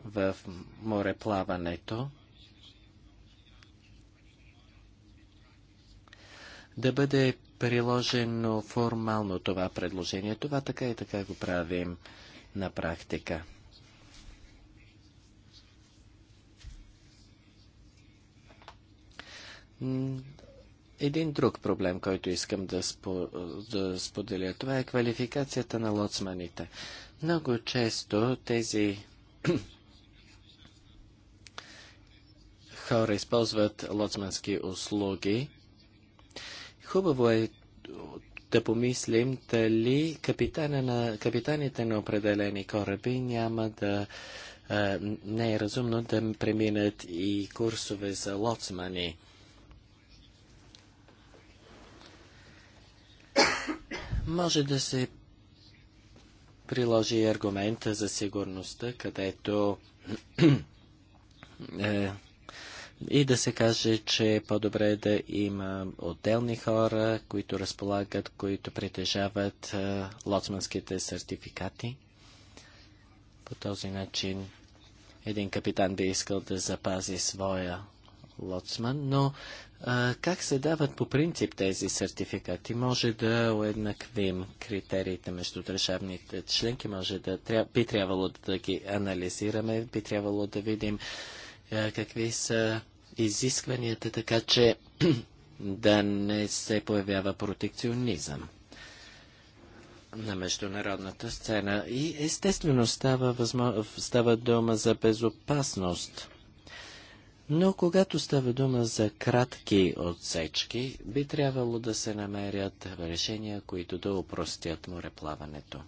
Speaker 3: в мореплаването да бъде приложено формално това предложение. Това така и така го правим на практика. Един друг проблем, който искам да, спо, да споделя, това е квалификацията на лоцманите. Много често тези хора използват лоцмански услуги. Хубаво е да помислим дали на, капитаните на определени кораби няма да а, не е разумно да преминат и курсове за лоцмани. Може да се приложи и аргумента за сигурността, където е, и да се каже, че е по-добре да има отделни хора, които разполагат, които притежават е, лоцманските сертификати. По този начин един капитан би искал да запази своя лоцман, но как се дават по принцип тези сертификати? Може да уеднаквим критериите между държавните членки, може да би трябвало да ги анализираме, би трябвало да видим какви са изискванията, така че да не се появява протекционизъм на международната сцена. И естествено става, възмо... става дума за безопасност но когато става дума за кратки отсечки, би трябвало да се намерят решения, които да упростят мореплаването,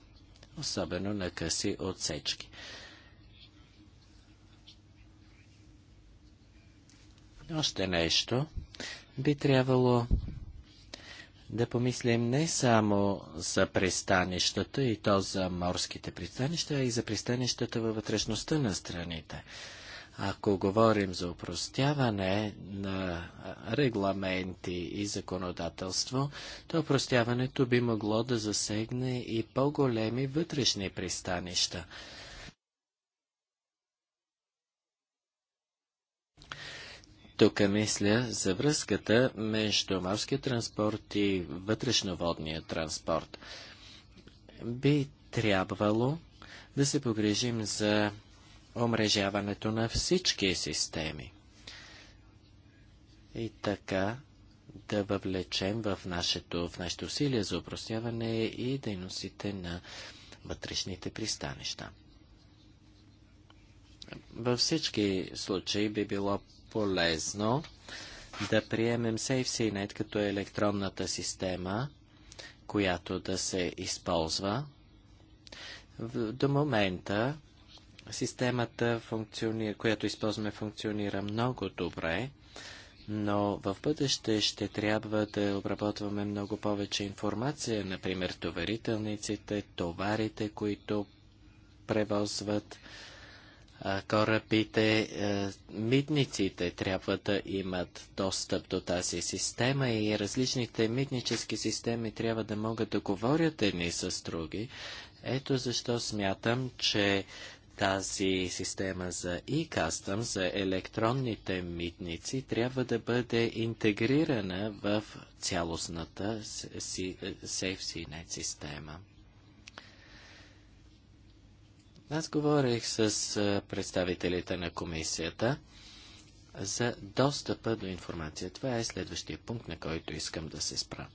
Speaker 3: особено на къси отсечки. Още нещо. Би трябвало да помислим не само за пристанищата и то за морските пристанища, а и за пристанищата във вътрешността на страните. Ако говорим за упростяване на регламенти и законодателство, то упростяването би могло да засегне и по-големи вътрешни пристанища. Тук мисля за връзката между морския транспорт и вътрешноводния транспорт. Би трябвало да се погрежим за омрежаването на всички системи. И така да въвлечем в нашето, в нашето усилие за упростяване и дейностите на вътрешните пристанища. Във всички случаи би било полезно да приемем SafeCNet като електронната система, която да се използва. до момента Системата, която използваме, функционира много добре, но в бъдеще ще трябва да обработваме много повече информация, например товарителниците, товарите, които превозват корабите, е, митниците трябва да имат достъп до тази система и различните митнически системи трябва да могат да говорят едни с други. Ето защо смятам, че тази система за e-custom, за електронните митници, трябва да бъде интегрирана в цялостната SafeCNet система. Аз говорих с представителите на комисията за достъпа до информация. Това е следващия пункт, на който искам да се спра.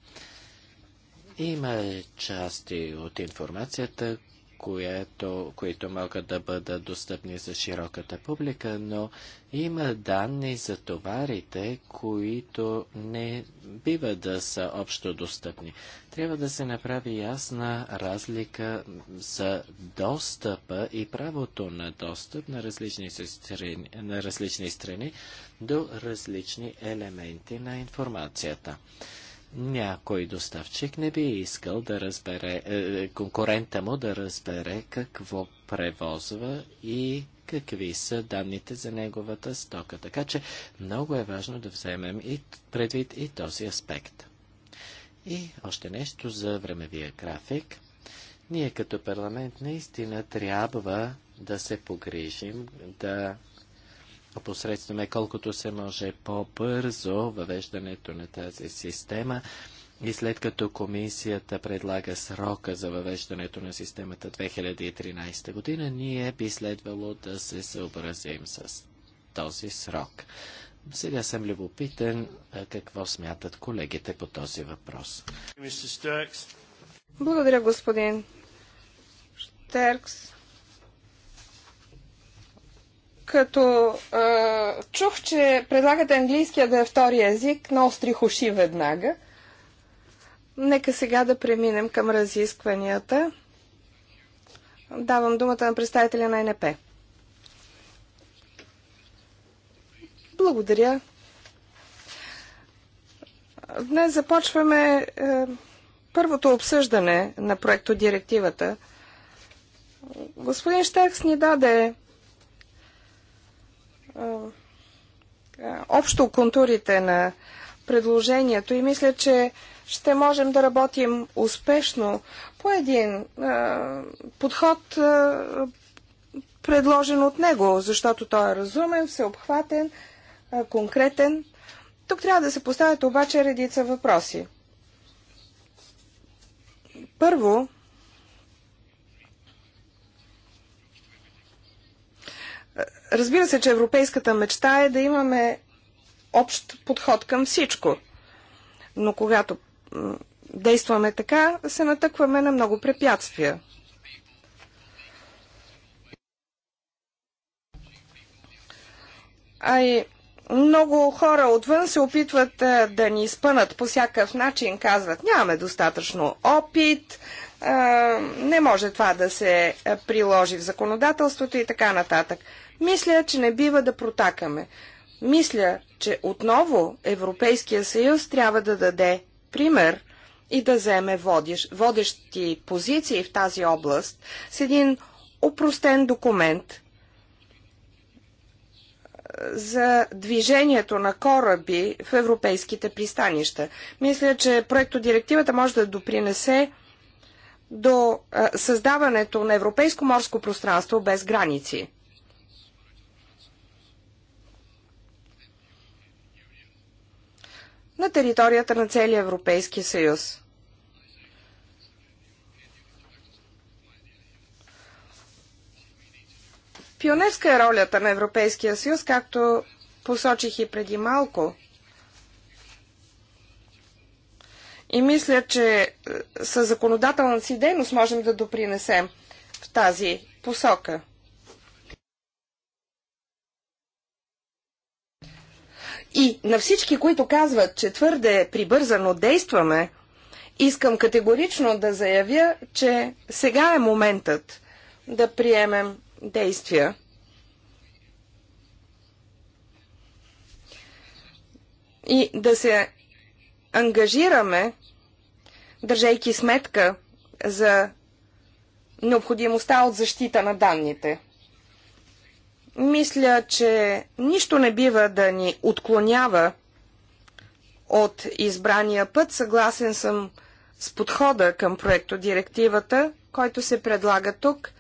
Speaker 3: Има части от информацията, което, които могат да бъдат достъпни за широката публика, но има данни за товарите, които не бива да са общо достъпни. Трябва да се направи ясна разлика за достъпа и правото на достъп на различни страни, на различни страни до различни елементи на информацията някой доставчик не би искал да разбере, е, е, конкурента му да разбере какво превозва и какви са данните за неговата стока. Така че много е важно да вземем и предвид и този аспект. И още нещо за времевия график. Ние като парламент наистина трябва да се погрижим да посредстваме колкото се може по-бързо въвеждането на тази система. И след като комисията предлага срока за въвеждането на системата 2013 година, ние би следвало да се съобразим с този срок. Сега съм любопитен какво смятат колегите по този въпрос.
Speaker 2: Благодаря, господин Штеркс. Като а, чух, че предлагате английския да е втори език, острих уши веднага. Нека сега да преминем към разискванията. Давам думата на представителя на НП. Благодаря. Днес започваме е, първото обсъждане на проекто директивата. Господин Штекс ни даде общо контурите на предложението и мисля, че ще можем да работим успешно по един а, подход, а, предложен от него, защото той е разумен, всеобхватен, а, конкретен. Тук трябва да се поставят обаче редица въпроси. Първо, Разбира се, че европейската мечта е да имаме общ подход към всичко. Но когато действаме така, се натъкваме на много препятствия. А и много хора отвън се опитват да ни изпънат по всякакъв начин, казват нямаме достатъчно опит, не може това да се приложи в законодателството и така нататък. Мисля, че не бива да протакаме. Мисля, че отново Европейския съюз трябва да даде пример и да вземе водиш, водещи позиции в тази област с един опростен документ за движението на кораби в европейските пристанища. Мисля, че проектодирективата може да допринесе до създаването на европейско морско пространство без граници. на територията на целия Европейски съюз. Пионерска е ролята на Европейския съюз, както посочих и преди малко – И мисля, че е, със законодателната си дейност можем да допринесем в тази посока. И на всички, които казват, че твърде прибързано действаме, искам категорично да заявя, че сега е моментът да приемем действия. И да се ангажираме, държейки сметка за необходимостта от защита на данните. Мисля, че нищо не бива да ни отклонява от избрания път. Съгласен съм с подхода към проекто директивата, който се предлага тук.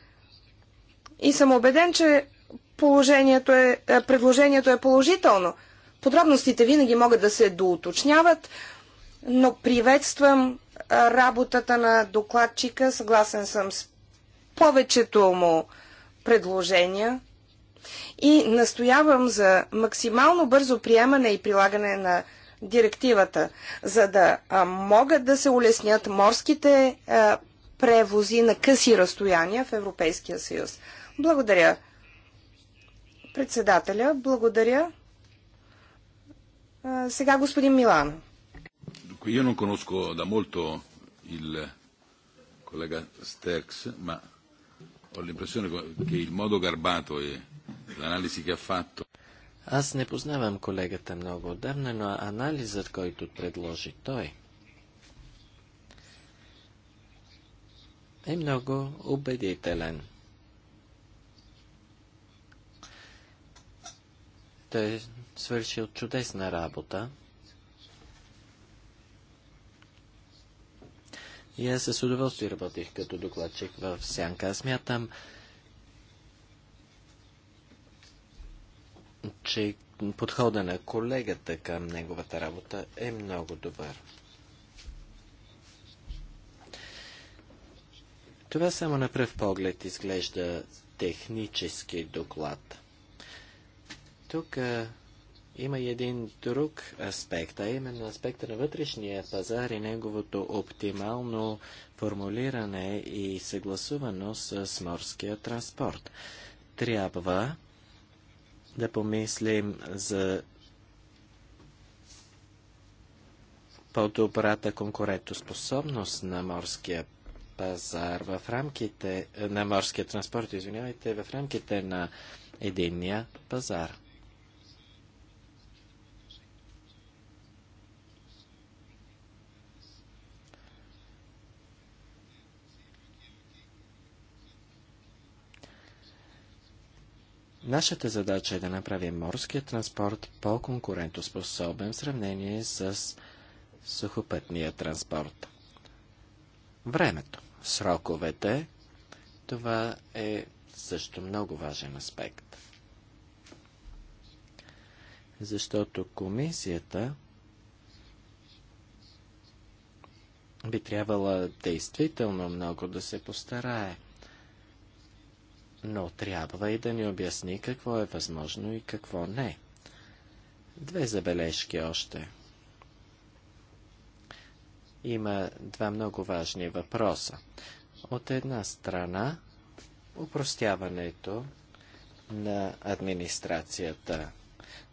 Speaker 2: И съм убеден, че положението е, е предложението е положително. Подробностите винаги могат да се доуточняват, но приветствам работата на докладчика. Съгласен съм с повечето му предложения и настоявам за максимално бързо приемане и прилагане на директивата, за да могат да се улеснят морските превози на къси разстояния в Европейския съюз. Благодаря. Председателя, благодаря. сега господин Милан io non conosco da molto il collega Sterks, ma ho l'impressione che il modo garbato e l'analisi che
Speaker 3: ha fatto аз не познавам колегата много отдавна, но анализът, който предложи той, е много убедителен. Той е свършил чудесна работа. И аз с удоволствие работих като докладчик в Сянка. Аз мятам, че подхода на колегата към неговата работа е много добър. Това само на пръв поглед изглежда технически доклад. Тук има и един друг аспект, а именно аспекта на вътрешния пазар и неговото оптимално формулиране и съгласувано с морския транспорт. Трябва да помислим за по-добрата конкурентоспособност на морския пазар в рамките на морския транспорт, извинявайте, в рамките на единния пазар. Нашата задача е да направим морския транспорт по-конкурентоспособен в сравнение с сухопътния транспорт. Времето, сроковете, това е също много важен аспект. Защото комисията би трябвала действително много да се постарае – но трябва и да ни обясни какво е възможно и какво не. Две забележки още. Има два много важни въпроса. От една страна, упростяването на администрацията,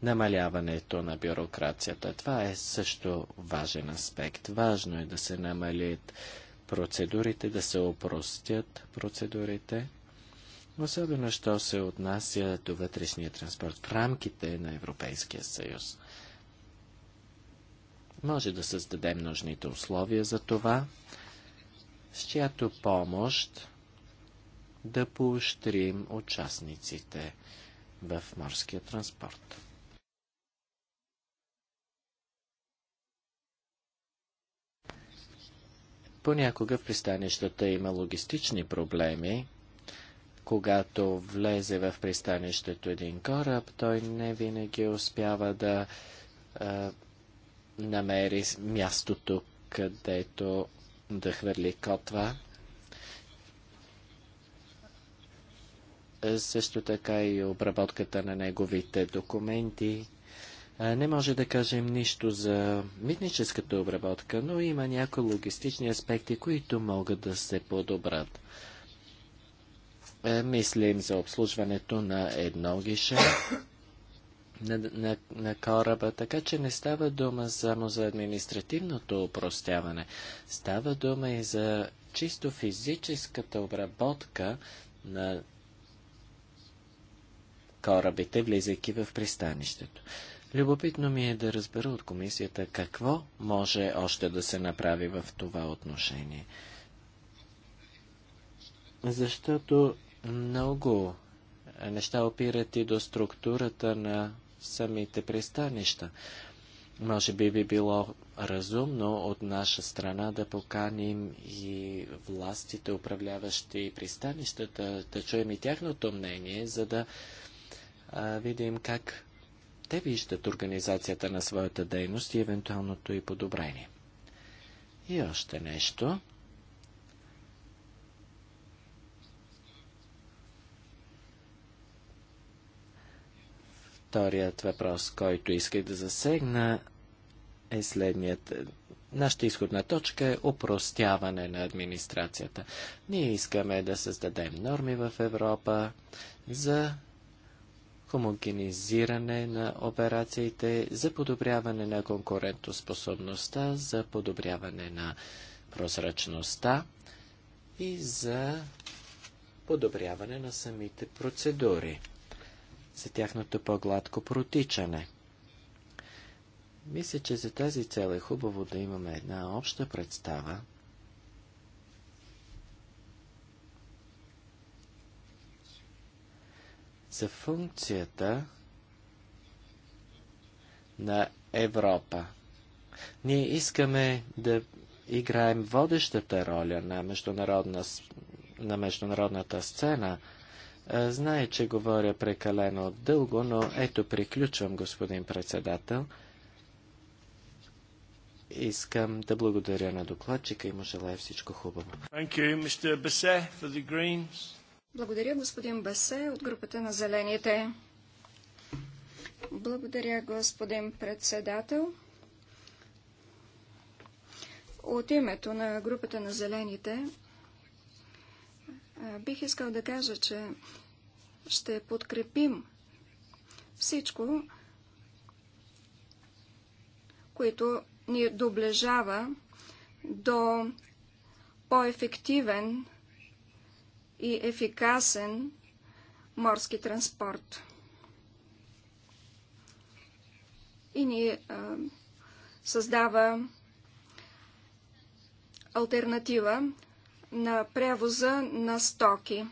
Speaker 3: намаляването на бюрокрацията. Това е също важен аспект. Важно е да се намалят процедурите, да се опростят процедурите особено що се отнася до вътрешния транспорт в рамките на Европейския съюз. Може да създадем нужните условия за това, с чиято помощ да поощрим участниците в морския транспорт. Понякога в пристанищата има логистични проблеми, когато влезе в пристанището един кораб, той не винаги успява да а, намери мястото, където да хвърли котва. Също така и обработката на неговите документи. Не може да кажем нищо за митническата обработка, но има някои логистични аспекти, които могат да се подобрат. Е, мислим за обслужването на едно гише на, на, на кораба, така че не става дума само за административното упростяване, става дума и за чисто физическата обработка на корабите, влизайки в пристанището. Любопитно ми е да разбера от комисията какво може още да се направи в това отношение. Защото много е, неща опират и до структурата на самите пристанища. Може би би било разумно от наша страна да поканим и властите, управляващи пристанищата, да чуем и тяхното мнение, за да а, видим как те виждат организацията на своята дейност и евентуалното и подобрение. И още нещо – Вторият въпрос, който исках да засегна, е следният. Нашата изходна точка е упростяване на администрацията. Ние искаме да създадем норми в Европа за хомогенизиране на операциите, за подобряване на конкурентоспособността, за подобряване на прозрачността и за подобряване на самите процедури за тяхното по-гладко протичане. Мисля, че за тази цел е хубаво да имаме една обща представа за функцията на Европа. Ние искаме да играем водещата роля на, международна, на международната сцена – е, знае, че говоря прекалено дълго, но ето приключвам, господин председател. Искам да благодаря на докладчика и му желая всичко хубаво.
Speaker 4: Благодаря, господин Басе, от групата на Зелените. Благодаря, господин председател. От името на групата на Зелените Бих искал да кажа, че ще подкрепим всичко, което ни доближава до по-ефективен и ефикасен морски транспорт. И ни а, създава альтернатива на превоза на стоки.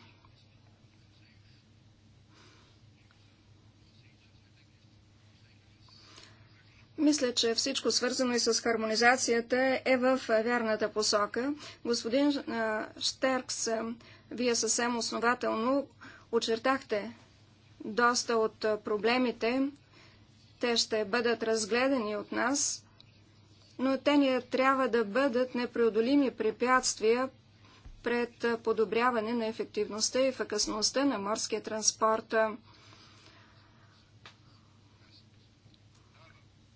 Speaker 4: Мисля, че всичко свързано и с хармонизацията е в вярната посока. Господин Штеркс, вие съвсем основателно очертахте доста от проблемите. Те ще бъдат разгледани от нас, но те ни трябва да бъдат непреодолими препятствия пред подобряване на ефективността и ефикасността на морския транспорт.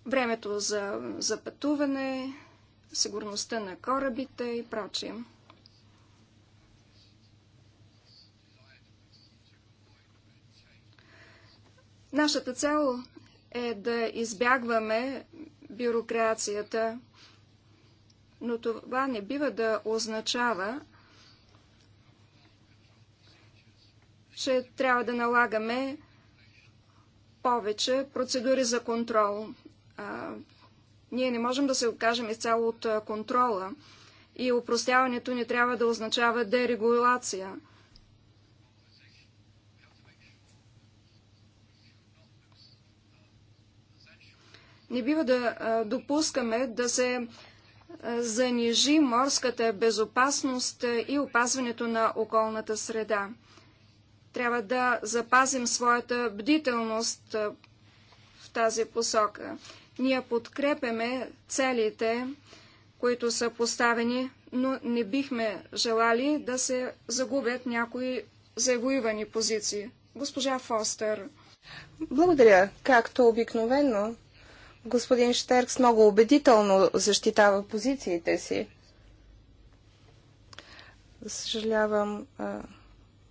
Speaker 4: Времето за, за пътуване, сигурността на корабите и прочие. Нашата цел е да избягваме бюрокрацията, но това не бива да означава, че трябва да налагаме повече процедури за контрол. А, ние не можем да се окажем изцяло от контрола и упростяването не трябва да означава дерегулация. Не бива да допускаме да се занижи морската безопасност и опазването на околната среда. Трябва да запазим своята бдителност в тази посока. Ние подкрепяме целите, които са поставени, но не бихме желали да се загубят някои завоювани позиции. Госпожа Фостер.
Speaker 2: Благодаря. Както обикновено, господин Штеркс много убедително защитава позициите си. Съжалявам,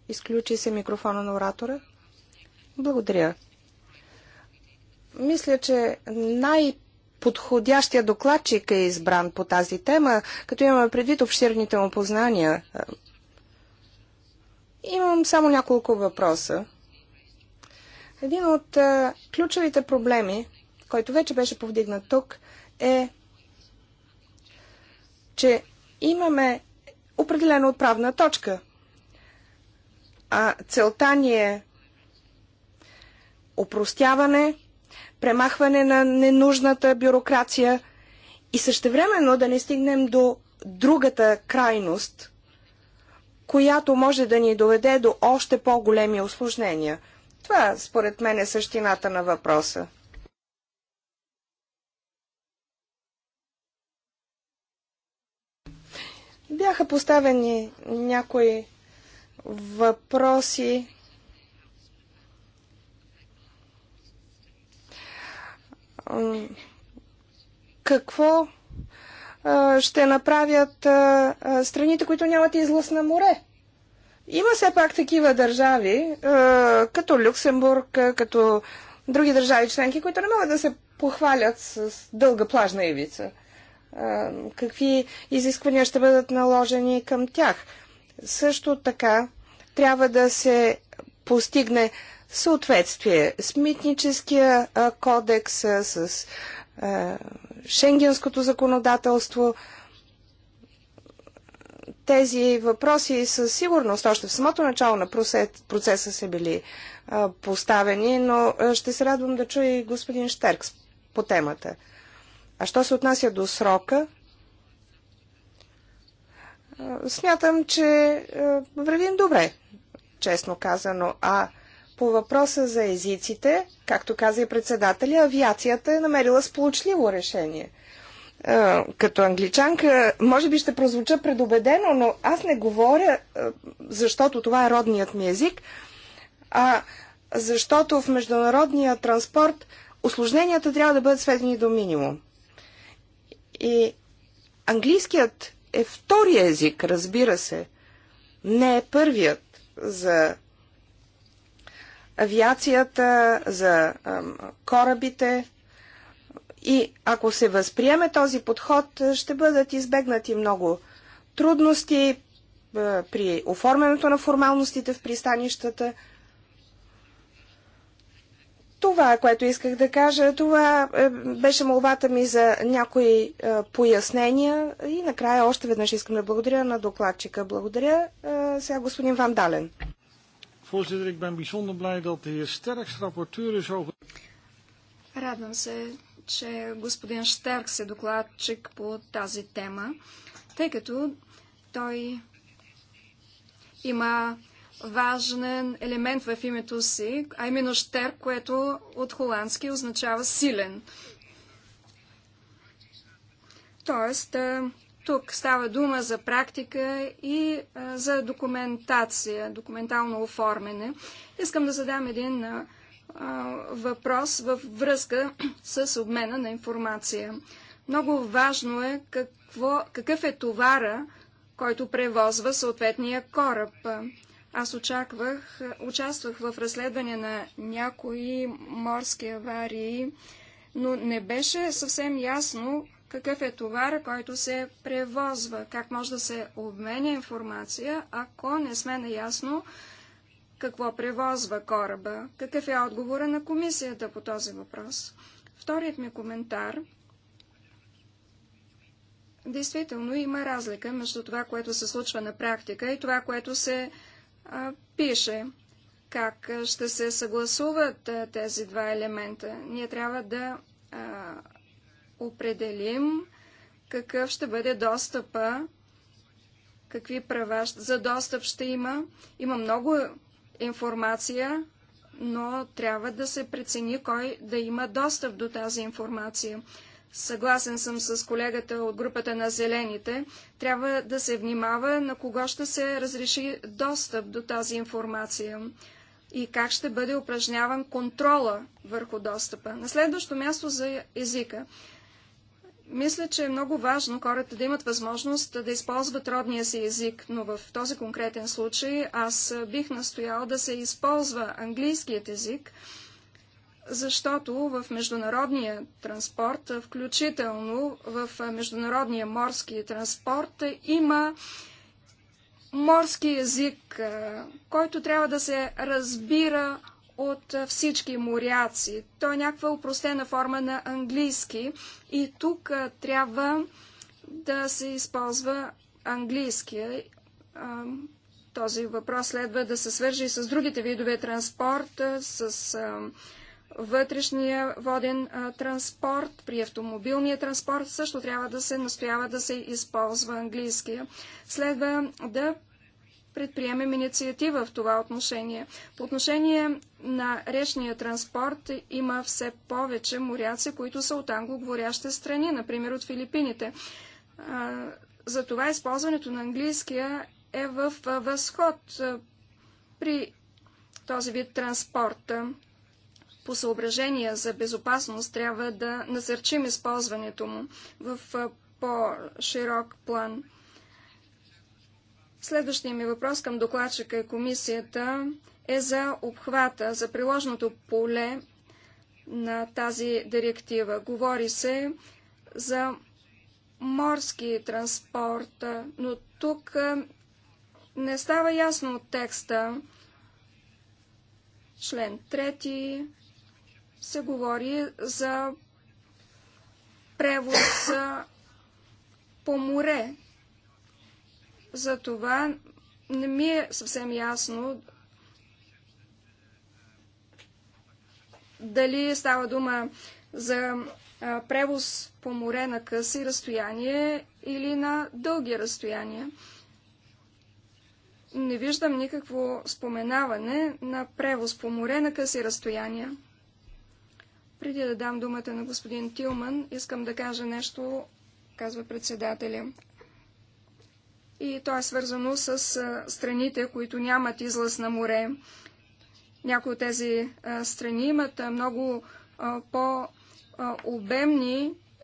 Speaker 2: Изключи се микрофона на оратора. Благодаря. Мисля, че най- подходящия докладчик е избран по тази тема, като имаме предвид обширните му познания. Имам само няколко въпроса. Един от ключовите проблеми, който вече беше повдигнат тук, е, че имаме определена отправна точка а целта ни е опростяване, премахване на ненужната бюрокрация и същевременно да не стигнем до другата крайност, която може да ни доведе до още по-големи осложнения. Това, според мен, е същината на въпроса. Бяха поставени някои въпроси, какво ще направят страните, които нямат излъз на море. Има все пак такива държави, като Люксембург, като други държави членки, които не могат да се похвалят с дълга плажна ивица. Какви изисквания ще бъдат наложени към тях? Също така, трябва да се постигне съответствие с митническия кодекс, с шенгенското законодателство. Тези въпроси със сигурност още в самото начало на процеса са били поставени, но ще се радвам да чуя и господин Штеркс по темата. А що се отнася до срока, смятам, че вървим добре честно казано. А по въпроса за езиците, както каза и председателя, авиацията е намерила сполучливо решение. като англичанка, може би ще прозвуча предубедено, но аз не говоря, защото това е родният ми език, а защото в международния транспорт осложненията трябва да бъдат сведени до минимум. И английският е втория език, разбира се, не е първият за авиацията, за корабите. И ако се възприеме този подход, ще бъдат избегнати много трудности при оформянето на формалностите в пристанищата – това, което исках да кажа, това е, беше молвата ми за някои е, пояснения и накрая още веднъж искам да благодаря на докладчика. Благодаря е, сега господин
Speaker 1: Ван Дален.
Speaker 4: Радвам се, че господин Штеркс е докладчик по тази тема, тъй като той има важен елемент в името си, а именно штер, което от холандски означава силен. Тоест, тук става дума за практика и за документация, документално оформене. Искам да задам един въпрос във връзка с обмена на информация. Много важно е какво, какъв е товара, който превозва съответния кораб. Аз очаквах, участвах в разследване на някои морски аварии, но не беше съвсем ясно какъв е товар, който се превозва, как може да се обменя информация, ако не сме наясно какво превозва кораба, какъв е отговора на комисията по този въпрос. Вторият ми коментар. Действително има разлика между това, което се случва на практика и това, което се пише как ще се съгласуват тези два елемента. Ние трябва да определим какъв ще бъде достъпа, какви права за достъп ще има. Има много информация, но трябва да се прецени кой да има достъп до тази информация. Съгласен съм с колегата от групата на зелените. Трябва да се внимава на кого ще се разреши достъп до тази информация и как ще бъде упражняван контрола върху достъпа. На следващо място за езика. Мисля, че е много важно хората да имат възможност да използват родния си език, но в този конкретен случай аз бих настоял да се използва английският език, защото в международния транспорт, включително в международния морски транспорт, има морски език, който трябва да се разбира от всички моряци. Той е някаква упростена форма на английски и тук трябва да се използва английския. Този въпрос следва да се свържи с другите видове транспорт, с вътрешния воден а, транспорт, при автомобилния транспорт също трябва да се настоява да се използва английския. Следва да предприемем инициатива в това отношение. По отношение на речния транспорт има все повече моряци, които са от англоговорящи страни, например от Филипините. затова използването на английския е в възход при този вид транспорта по съображения за безопасност трябва да насърчим използването му в по-широк план. Следващия ми въпрос към докладчика и комисията е за обхвата, за приложното поле на тази директива. Говори се за морски транспорт, но тук не става ясно от текста. Член 3, се говори за превоз по море. За това не ми е съвсем ясно дали става дума за превоз по море на къси разстояние или на дълги разстояния. Не виждам никакво споменаване на превоз по море на къси разстояния. Преди да дам думата на господин Тилман, искам да кажа нещо, казва председателя. И то е свързано с страните, които нямат излъз на море. Някои от тези страни имат много по-обемни